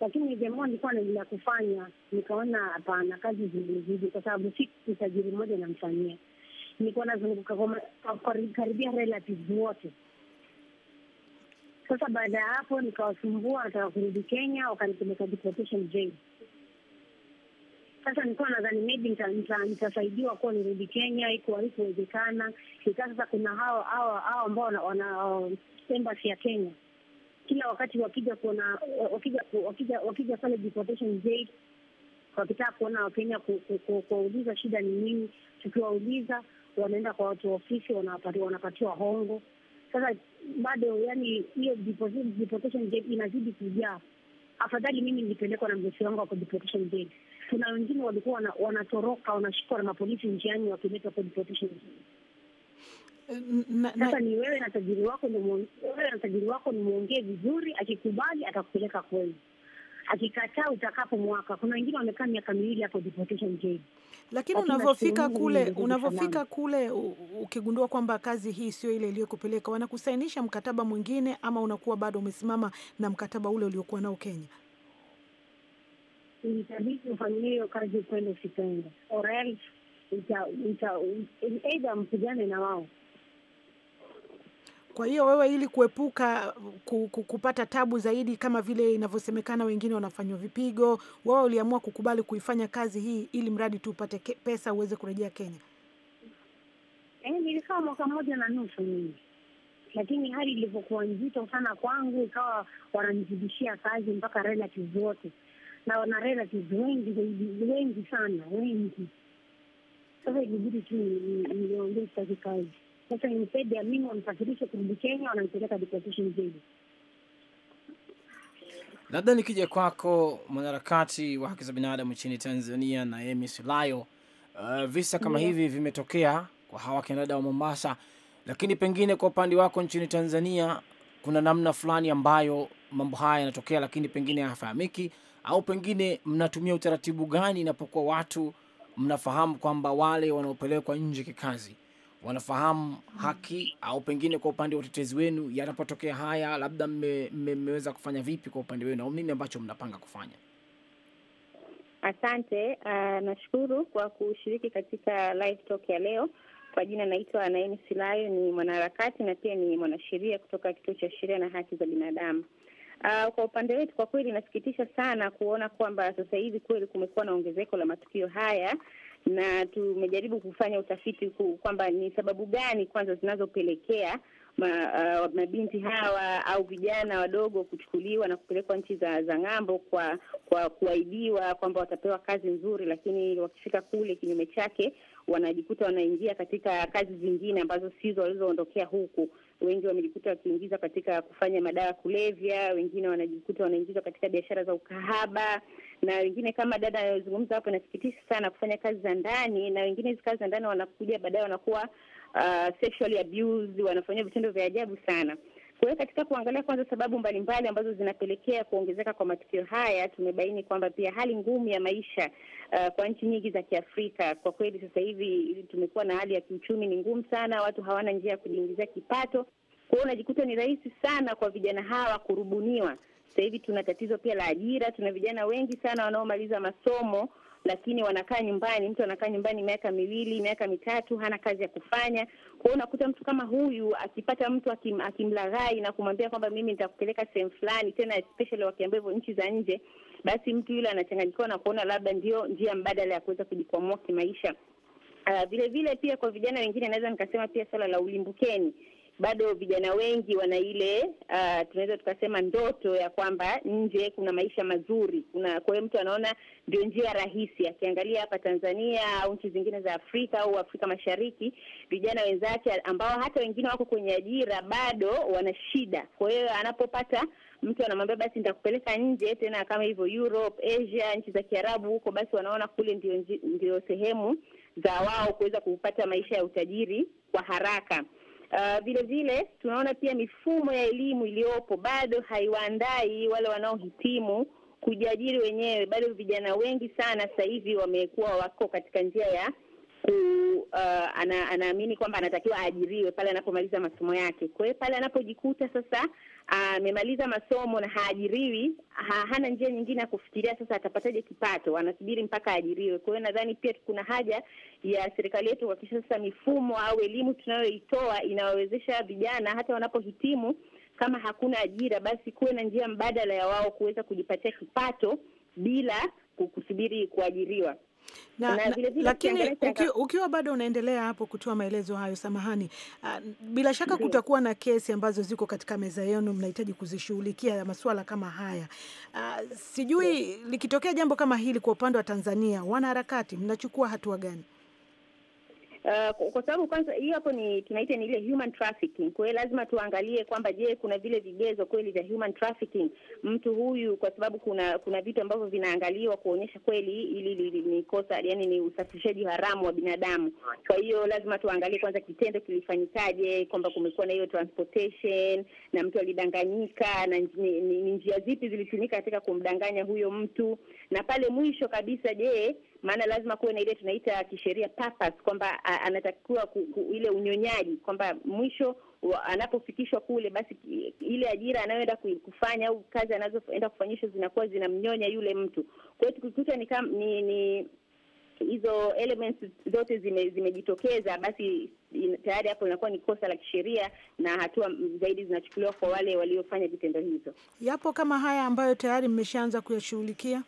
Speaker 5: lakini jamaa nilikuwa naendelea kufanya, nikaona hapana, kazi zilizidi, kwa sababu si tajiri mmoja namfanyia. Nilikuwa nazunguka karibia relatives wote. Sasa baada ya hapo nikawasumbua, nataka kurudi Kenya, wakanipeleka deportation jail sasa nilikuwa nadhani maybe nitasaidiwa kuwa nirudi Kenya, haikuwezekana. Ikaa sasa kuna hao hao ambao wana um, embassy ya Kenya kila wakati wakija kuona wakija wakija wakija pale deportation wakitaka kuona Wakenya kuwauliza shida ni nini, tukiwauliza wanaenda kwa watu wa ofisi wanapatiwa, wanapatiwa hongo. Sasa bado yani hiyo deportation inazidi kujaa. Afadhali mimi nilipelekwa na mgosi wangu wako deportation kuna wengine walikuwa wanatoroka wanashikwa na polisi njiani wakileta kwa deportation. Sasa ni wewe na tajiri wako, wewe na tajiri wako ni muongee vizuri, akikubali atakupeleka kweli, akikataa utakapo mwaka. Kuna wengine wamekaa
Speaker 2: miaka miwili hapo deportation jail lakini unavyofika kule unavyofika kule ukigundua kwamba kazi hii sio ile iliyokupeleka, wanakusainisha mkataba mwingine, ama unakuwa bado umesimama na mkataba ule uliokuwa nao Kenya? itabidi ufanyie hiyo kazi, upende usipende, or else eidha mpigane na wao. Kwa hiyo wewe, ili kuepuka kupata tabu zaidi, kama vile inavyosemekana wengine wanafanywa vipigo, wao uliamua kukubali kuifanya kazi hii ili mradi tu upate pesa uweze kurejea Kenya. Eh, nilikaa mwaka mmoja na nusu mimi, lakini hali ilivyokuwa nzito sana kwangu,
Speaker 5: ikawa wananizidishia kazi mpaka relatives wote na wana relatives wengi zaidi, wengi sana, wengi. Sasa ilibidi tu niwaongee sitaki kazi. Sasa imsaidia mimi wanisafirisha kurudi Kenya, wanampeleka deportation zaidi.
Speaker 1: Labda nikija kwako mwanaharakati wa haki za binadamu nchini Tanzania na Emis Layo. Uh, visa kama yeah, hivi vimetokea kwa hawa kinadada wa Mombasa, lakini pengine kwa upande wako nchini Tanzania kuna namna fulani ambayo mambo haya yanatokea, lakini pengine hayafahamiki au pengine mnatumia utaratibu gani inapokuwa watu mnafahamu kwamba wale wanaopelekwa nje kikazi wanafahamu haki au pengine kwa upande wa utetezi wenu, yanapotokea haya, labda mmeweza me, kufanya vipi kwa upande wenu au nini ambacho mnapanga kufanya?
Speaker 6: Asante. Uh, nashukuru kwa kushiriki katika live talk ya leo. Kwa jina naitwa Naemi Silayo, ni mwanaharakati na pia ni mwanasheria kutoka Kituo cha Sheria na Haki za Binadamu. Uh, kwa upande wetu kwa kweli inasikitisha sana kuona kwamba sasa hivi kweli kumekuwa na ongezeko la matukio haya, na tumejaribu kufanya utafiti kwamba ni sababu gani kwanza zinazopelekea ma, uh, mabinti hawa au vijana wadogo kuchukuliwa na kupelekwa nchi za za ng'ambo kwa kwa kuahidiwa kwamba watapewa kazi nzuri, lakini wakifika kule kinyume chake wanajikuta wanaingia katika kazi zingine ambazo sizo walizoondokea huku wengi wamejikuta wakiingiza katika kufanya madawa ya kulevya, wengine wanajikuta wanaingiza katika biashara za ukahaba, na wengine kama dada anayozungumza hapo, inasikitisha sana, kufanya kazi za ndani, na wengine hizi kazi za ndani wanakuja baadaye wanakuwa uh, sexually abused, wanafanyiwa vitendo vya ajabu sana. Kwa hiyo katika kuangalia kwanza sababu mbalimbali ambazo zinapelekea kuongezeka kwa matukio haya, tumebaini kwamba pia hali ngumu ya maisha uh, kwa nchi nyingi za Kiafrika kwa kweli sasa hivi tumekuwa na hali ya kiuchumi ni ngumu sana, watu hawana njia ya kujiingizia kipato. Kwa hiyo unajikuta ni rahisi sana kwa vijana hawa kurubuniwa. Sasa hivi tuna tatizo pia la ajira, tuna vijana wengi sana wanaomaliza masomo lakini wanakaa nyumbani. Mtu anakaa nyumbani miaka miwili, miaka mitatu, hana kazi ya kufanya. Kwa hiyo unakuta mtu kama huyu akipata mtu akim, akimlaghai na kumwambia kwamba mimi nitakupeleka sehemu fulani, tena especially wakiambia hivyo nchi za nje, basi mtu yule anachanganyikiwa na kuona labda ndio njia mbadala ya kuweza kujikwamua kimaisha. Uh, vile vile pia kwa vijana wengine naweza nikasema pia swala la ulimbukeni bado vijana wengi wana ile uh, tunaweza tukasema ndoto ya kwamba nje kuna maisha mazuri, kuna kwa hiyo mtu anaona ndio njia rahisi. Akiangalia hapa Tanzania au nchi zingine za Afrika au Afrika Mashariki, vijana wenzake ambao hata wengine wako kwenye ajira bado wana shida. Kwa hiyo anapopata mtu anamwambia basi nitakupeleka nje, tena kama hivyo Europe, Asia, nchi za Kiarabu huko, basi wanaona kule ndio, ndio sehemu za wao kuweza kupata maisha ya utajiri kwa haraka. Vilevile eh, vile tunaona pia mifumo ya elimu iliyopo bado haiwaandai wale wanaohitimu kujiajiri wenyewe. Bado vijana wengi sana sasa hivi wamekuwa wako katika njia ya ku uh, ana, anaamini kwamba anatakiwa aajiriwe pale anapomaliza masomo yake. Kwa hiyo pale anapojikuta sasa uh, amemaliza uh, masomo na haajiriwi, ha, hana njia nyingine ya kufikiria sasa atapataje kipato, anasubiri mpaka aajiriwe. Kwa hiyo nadhani pia kuna haja ya serikali yetu kuhakikisha sasa mifumo au elimu tunayoitoa inawawezesha vijana hata wanapohitimu, kama hakuna ajira, basi kuwe na njia mbadala ya wao kuweza kujipatia kipato bila kusubiri kuajiriwa
Speaker 2: na, na, na, lakini ukiwa, ukiwa bado unaendelea hapo kutoa maelezo hayo, samahani, uh, bila shaka Ndiyo. kutakuwa na kesi ambazo ziko katika meza yenu, mnahitaji kuzishughulikia ya masuala kama haya uh, sijui Ndiyo. likitokea jambo kama hili kwa upande wa Tanzania, wanaharakati mnachukua hatua gani?
Speaker 6: uh, kwa sababu kwanza hiyo hapo ni tunaita ni ile human trafficking. Kwa hiyo lazima tuangalie kwamba je, kuna vile vigezo kweli vya human trafficking mtu huyu, kwa sababu kuna kuna vitu ambavyo vinaangaliwa kuonyesha kweli ili ni kosa, yani ni usafirishaji haramu wa binadamu. Kwa hiyo lazima tuangalie kwanza kitendo kilifanyikaje, kwamba kumekuwa na hiyo transportation na mtu alidanganyika, na ni, ni njia zipi zilitumika katika kumdanganya huyo mtu, na pale mwisho kabisa je maana lazima kuwe na ile tunaita kisheria purpose, kwamba anatakiwa ku, ku, ile unyonyaji kwamba mwisho anapofikishwa kule, basi ile ajira anayoenda kufanya au kazi anazoenda kufanyishwa zinakuwa zinamnyonya yule mtu. Kwa hiyo tukikuta ni, ni, ni hizo elements zote zime, zimejitokeza basi tayari hapo inakuwa ni kosa la kisheria na hatua zaidi zinachukuliwa kwa wale waliofanya vitendo hizo.
Speaker 2: Yapo kama haya ambayo tayari mmeshaanza kuyashughulikia?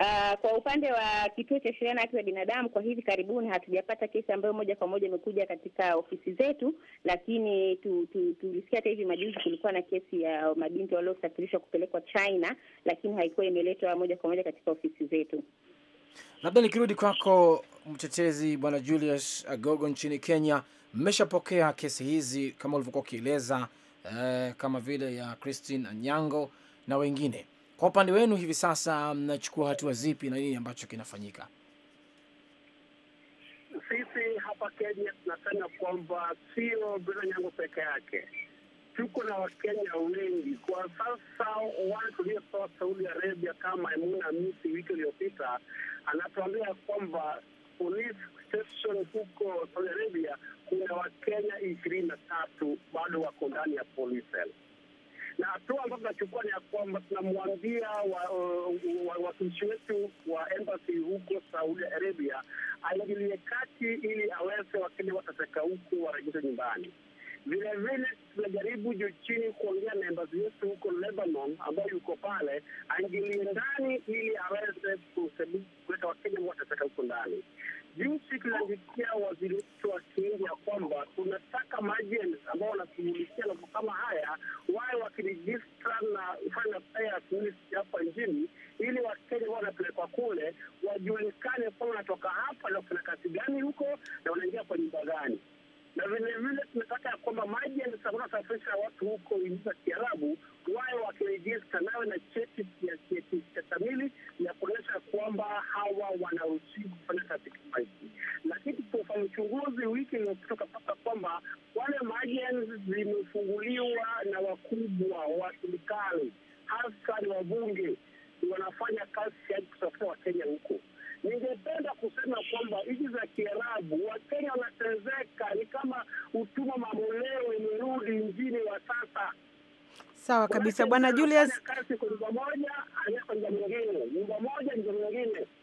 Speaker 6: Uh, kwa upande wa kituo cha sheria na haki za binadamu kwa hivi karibuni hatujapata kesi ambayo moja kwa moja imekuja katika ofisi zetu, lakini tulisikia tu, tu, hata hivi majuzi kulikuwa na kesi ya mabinti waliosafirishwa kupelekwa China, lakini haikuwa imeletwa moja kwa moja katika ofisi
Speaker 5: zetu.
Speaker 1: Labda nikirudi kwako, mtetezi bwana Julius Agogo nchini Kenya, mmeshapokea kesi hizi kama ulivyokuwa ukieleza, eh, kama vile ya Christine Anyango na wengine kwa upande wenu hivi sasa mnachukua hatua zipi na nini ambacho kinafanyika?
Speaker 4: Sisi hapa Kenya tunasema kwamba sio Bila Nyango peke yake, tuko na Wakenya wengi kwa sasa. Wale tuliotoa Saudi Arabia kama Emuna Misi wiki iliyopita anatuambia kwamba police station huko Saudi Arabia kuna Wakenya ishirini na tatu bado wako ndani ya police cell na hatua ambazo tunachukua ni ya kwamba tunamwambia wawakilishi uh, wa, wetu wa embassy huko Saudi Arabia aingilie kati ili aweze Wakenya watateka huku warejeshwe nyumbani. Vilevile tunajaribu juu chini kuongea na embassy yetu huko Lebanon ambayo yuko pale, aingilie ndani ili aweze kuweka Wakenya watateka huko ndani jinsi tuliandikia waziri wetu wa kiingi ya kwamba tunataka maajenti ambao wanashughulikia mambo kama haya wawe wakirejistra na foreign affairs ministry hapa nchini, ili Wakenya ambao wanapelekwa kule wajulikane kwamba wanatoka hapa na kufanya kazi gani huko na wanaingia kwa nyumba gani na vilevile tumepata ya kwamba maji yanasafirisha watu huko nchi za Kiarabu, wao wakirejista nawe na cheti cha kamili ya kuonyesha kwamba hawa wanaruhusiwa kufanya kazi kama hizi. Lakini kufanya uchunguzi wiki iliyopita ukapata kwamba wale maajens zimefunguliwa na wakubwa wa serikali, hasa ni wabunge, wanafanya kazi ya kusafirisha Wakenya huko Ningependa kusema kwamba nchi za Kiarabu, Wakenya
Speaker 2: wanatezeka, ni kama utuma mamboleo imerudi nchini wa sasa. Sawa kabisa, Bwana Julius.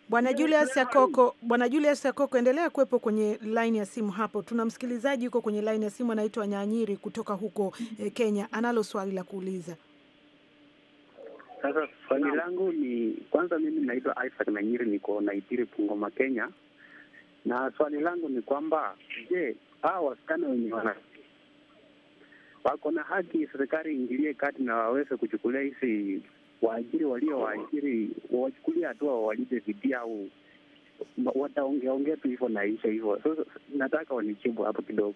Speaker 4: Bwana Julius Yakoko,
Speaker 2: Bwana Julius Yakoko, endelea kuwepo kwenye line ya simu hapo. Tuna msikilizaji huko kwenye line ya simu anaitwa Nyanyiri kutoka huko eh, Kenya, analo swali la kuuliza.
Speaker 7: Sasa swali langu ni kwanza, mimi naitwa Isaac Nanyiri, niko Naitiri, Pungoma, Kenya, na swali langu ni kwamba je, hawa wasichana wenye wana wako na haki, serikali ingilie kati na waweze kuchukulia hizi waajiri walio waajiri, wawachukulia hatua, wawalipe vidia au wataongeaongea tu hivyo naisha hivyo. So, nataka wanichibu
Speaker 2: hapo kidogo.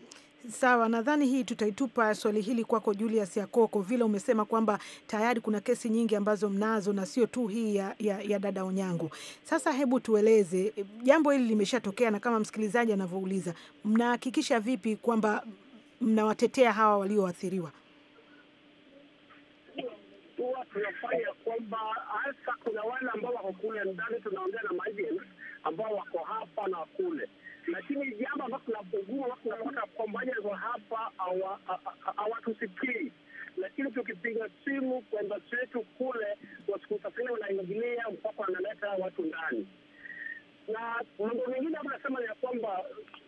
Speaker 2: Sawa, nadhani hii tutaitupa swali hili kwako Julius Yakoko, vile umesema kwamba tayari kuna kesi nyingi ambazo mnazo na sio tu hii ya, ya, ya dada Onyango. Sasa hebu tueleze jambo hili limeshatokea, na kama msikilizaji anavyouliza, mnahakikisha vipi kwamba mnawatetea hawa walioathiriwa?
Speaker 4: Huwa tunafanya kwamba hasa kuna wale ambao wako kule ndani, tunaongea na maji ambao wako hapa na kule lakini jambo ambao tunapugua tunaona kwambaja za hapa hawatusikii, lakini tukipiga simu kwenda embassy kule, wasikutasini wanaingilia mpaka wanaleta watu ndani na mambo mengine ambayo nasema ya kwamba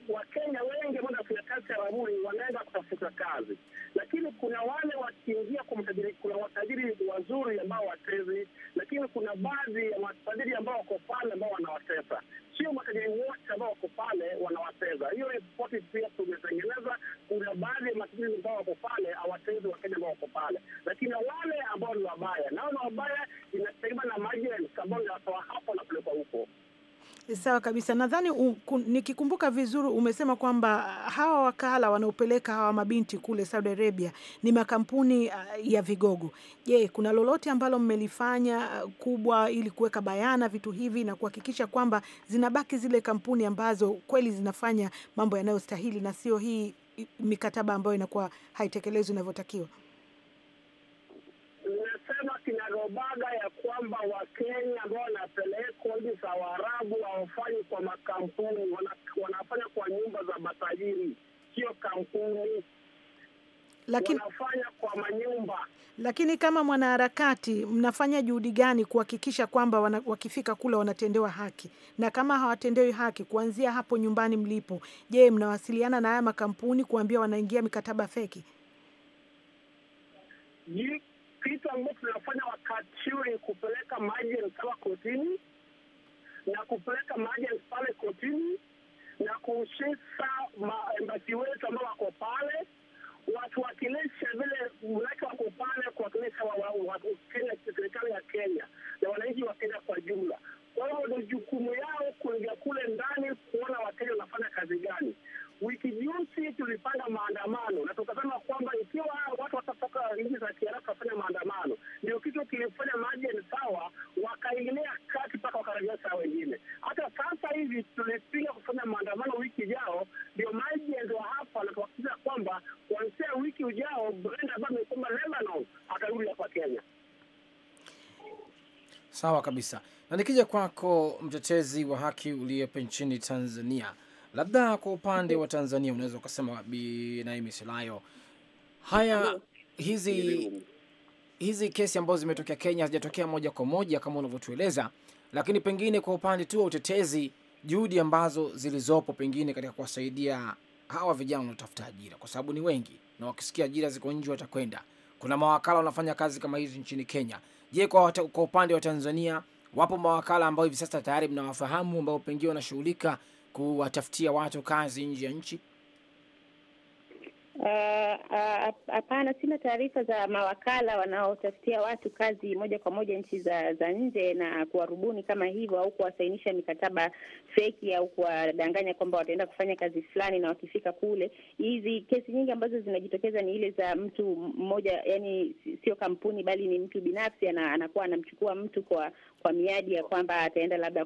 Speaker 4: Wakenya wengi ambao wanafanya kazi Arabuni wanaenda kutafuta kazi, lakini kuna wale wakiingia kwa matajiri, kuna watajiri wazuri ambao watezi, lakini kuna baadhi ya matajiri ambao wako pale ambao wanawatesa. Sio matajiri wote ambao wako pale wanawateza. Hiyo ripoti pia tumetengeneza. Kuna baadhi ya matajiri ambao wako pale hawatezi Wakenya ambao wako pale, lakini wale ambao ni wabaya, nao ni wabaya inategemea na majens ambao inatoa hapo na kulekwa huko.
Speaker 2: Sawa kabisa. Nadhani nikikumbuka vizuri, umesema kwamba ah, hawa wakala wanaopeleka hawa mabinti kule Saudi Arabia ni makampuni ah, ya vigogo. Je, kuna lolote ambalo mmelifanya ah, kubwa ili kuweka bayana vitu hivi na kuhakikisha kwamba zinabaki zile kampuni ambazo kweli zinafanya mambo yanayostahili na sio hii mikataba ambayo inakuwa haitekelezwi inavyotakiwa?
Speaker 4: Nasema kina Robaga kwamba Wakenya ambao wanapeleka nchi za Waarabu hawafanyi kwa makampuni, wanafanya kwa nyumba za matajiri, sio kampuni lakini, wanafanya kwa manyumba.
Speaker 2: Lakini kama mwanaharakati, mnafanya juhudi gani kuhakikisha kwamba wana, wakifika kule wanatendewa haki, na kama hawatendewi haki kuanzia hapo nyumbani mlipo, je, mnawasiliana na haya makampuni kuambia wanaingia mikataba feki?
Speaker 4: kitu ambacho tunafanya wakati huu ni kupeleka maji sawa kotini na kupeleka maji pale kotini na kuhusisha maembasi wetu ambao wako pale watuwakilisha vile mlake wako pale kuwakilisha serikali ya Kenya na wananchi wa Kenya kwa jumla. Kwa hiyo ni jukumu yao kuingia kule ndani kuona Wakenya wanafanya kazi gani wiki juzi tulipanda maandamano na tukasema kwamba ikiwa watu watatoka nchi za Kiarabu wafanya maandamano, ndio kitu kilifanya maji maajenti sawa wakaingilia kati mpaka wakarejea saa wengine. Hata sasa hivi tulipinga kufanya maandamano wiki ijao, ndio maji wa hapa wanatuhakikisha kwamba kuanzia wiki ujao Brenda ambayo amekumba Lebanon atarudi hapa Kenya.
Speaker 1: Sawa kabisa, na nikija kwako, mtetezi wa haki uliyepo nchini Tanzania Labda kwa upande wa Tanzania unaweza ukasema, Bi Naimi Silayo, haya hizi hizi kesi ambazo zimetokea Kenya hazijatokea moja kwa moja kama unavyotueleza, lakini pengine kwa upande tu wa utetezi, juhudi ambazo zilizopo pengine katika kuwasaidia hawa vijana wanaotafuta ajira, kwa sababu ni wengi na wakisikia ajira ziko nje watakwenda. Kuna mawakala wanafanya kazi kama hizi nchini Kenya. Je, kwa, kwa upande wa Tanzania wapo mawakala ambao hivi sasa tayari mnawafahamu ambao pengine wanashughulika kuwatafutia watu kazi nje ya nchi?
Speaker 6: Eh, eh, hapana, uh, uh, sina taarifa za mawakala wanaotafutia watu kazi moja kwa moja nchi za, za nje na kuwarubuni kama hivyo, au kuwasainisha mikataba feki au kuwadanganya kwamba wataenda kufanya kazi fulani, na wakifika kule, hizi kesi nyingi ambazo zinajitokeza ni ile za mtu mmoja, yani sio kampuni, bali ni mtu binafsi, anakuwa anamchukua mtu kwa kwa miadi ya kwamba ataenda labda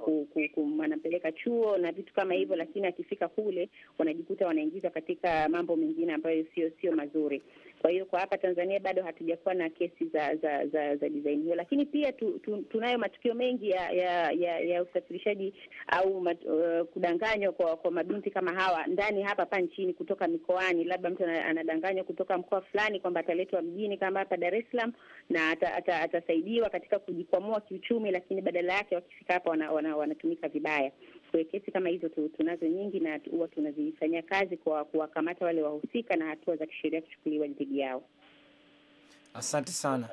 Speaker 6: anampeleka chuo na vitu kama hivyo, lakini akifika kule wanajikuta wanaingizwa katika mambo mengine ambayo sio sio mazuri. Kwa hiyo kwa hapa Tanzania bado hatujakuwa na kesi za za za, za design hiyo, lakini pia tu, tu, tunayo matukio mengi ya ya, ya, ya usafirishaji au mat, uh, kudanganywa kwa kwa mabinti kama hawa ndani hapa hapa nchini kutoka mikoani, labda mtu anadanganywa kutoka mkoa fulani kwamba ataletwa mjini kama hapa Dar es Salaam na atasaidiwa ata, ata katika kujikwamua kiuchumi, lakini badala yake wakifika hapa wanatumika wana, wana vibaya kesi kama hizo tunazo nyingi, na huwa tunazifanyia kazi kwa kuwakamata wale wahusika na hatua za kisheria kuchukuliwa dhidi yao.
Speaker 1: Asante sana.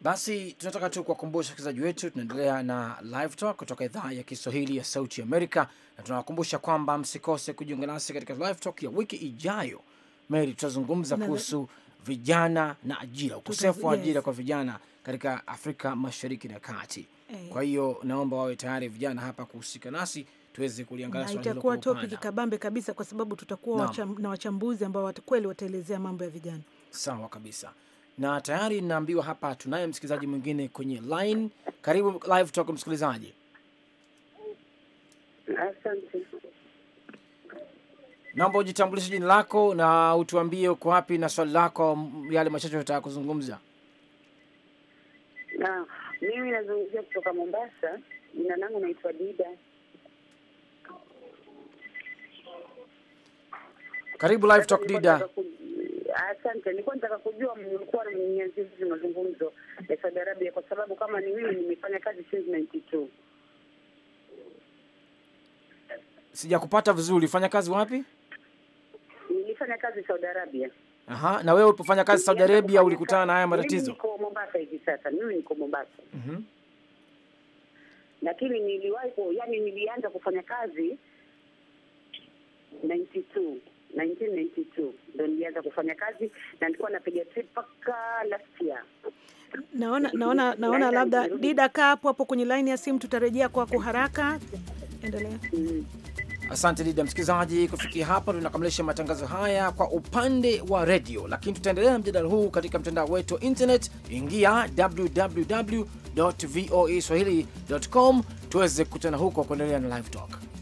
Speaker 1: Basi tunataka tu kuwakumbusha wasikilizaji wetu, tunaendelea na Live Talk kutoka idhaa ya Kiswahili ya Sauti Amerika, na tunawakumbusha kwamba msikose kujiunga nasi katika Live Talk ya wiki ijayo. Mary, tutazungumza kuhusu vijana na ajira, ukosefu wa ajira kwa vijana katika Afrika Mashariki na Kati. Eh. Kwa hiyo naomba wawe tayari vijana hapa kuhusika nasi tuweze kuliangalia swali hilo. Itakuwa topic
Speaker 2: kabambe kabisa kwa sababu tutakuwa na, na wachambuzi ambao kweli wataelezea mambo ya vijana. Sawa kabisa.
Speaker 1: Na tayari ninaambiwa hapa tunaye msikilizaji mwingine kwenye line. Karibu live talk msikilizaji.
Speaker 4: Asante.
Speaker 1: Naomba ujitambulishe jina lako na utuambie uko wapi na swali lako, yale machache utataka kuzungumza.
Speaker 5: Naam. Mimi nazungumzia kutoka Mombasa. Jina langu naitwa Dida.
Speaker 1: Karibu Live Talk Dida.
Speaker 5: Asante, nilikuwa nataka kujua mlikuwa hizi mazungumzo ya Saudi Arabia, kwa sababu kama ni mimi nimefanya kazi since 92.
Speaker 1: Sijakupata vizuri, fanya kazi wapi?
Speaker 5: Nilifanya kazi Saudi Arabia.
Speaker 1: Aha, na wewe ulipofanya kazi Saudi Arabia ulikutana na haya matatizo?
Speaker 5: Niko Mombasa hivi sasa, mimi niko Mombasa. Mhm. Lakini niliwahi, kwa, yani nilianza kufanya kazi 92 1992 ndo nilianza kufanya kazi na nilikuwa napiga trip mpaka last year.
Speaker 2: Naona naona naona labda Dida, kaa hapo hapo kwenye line ya simu, tutarejea kwako haraka. Endelea. Mm. -hmm.
Speaker 1: Asante Lida msikilizaji, kufikia hapa tunakamilisha matangazo haya kwa upande wa redio, lakini tutaendelea na mjadala huu katika mtandao wetu wa internet. Ingia www voa swahili.com tuweze kukutana huko kuendelea na live talk.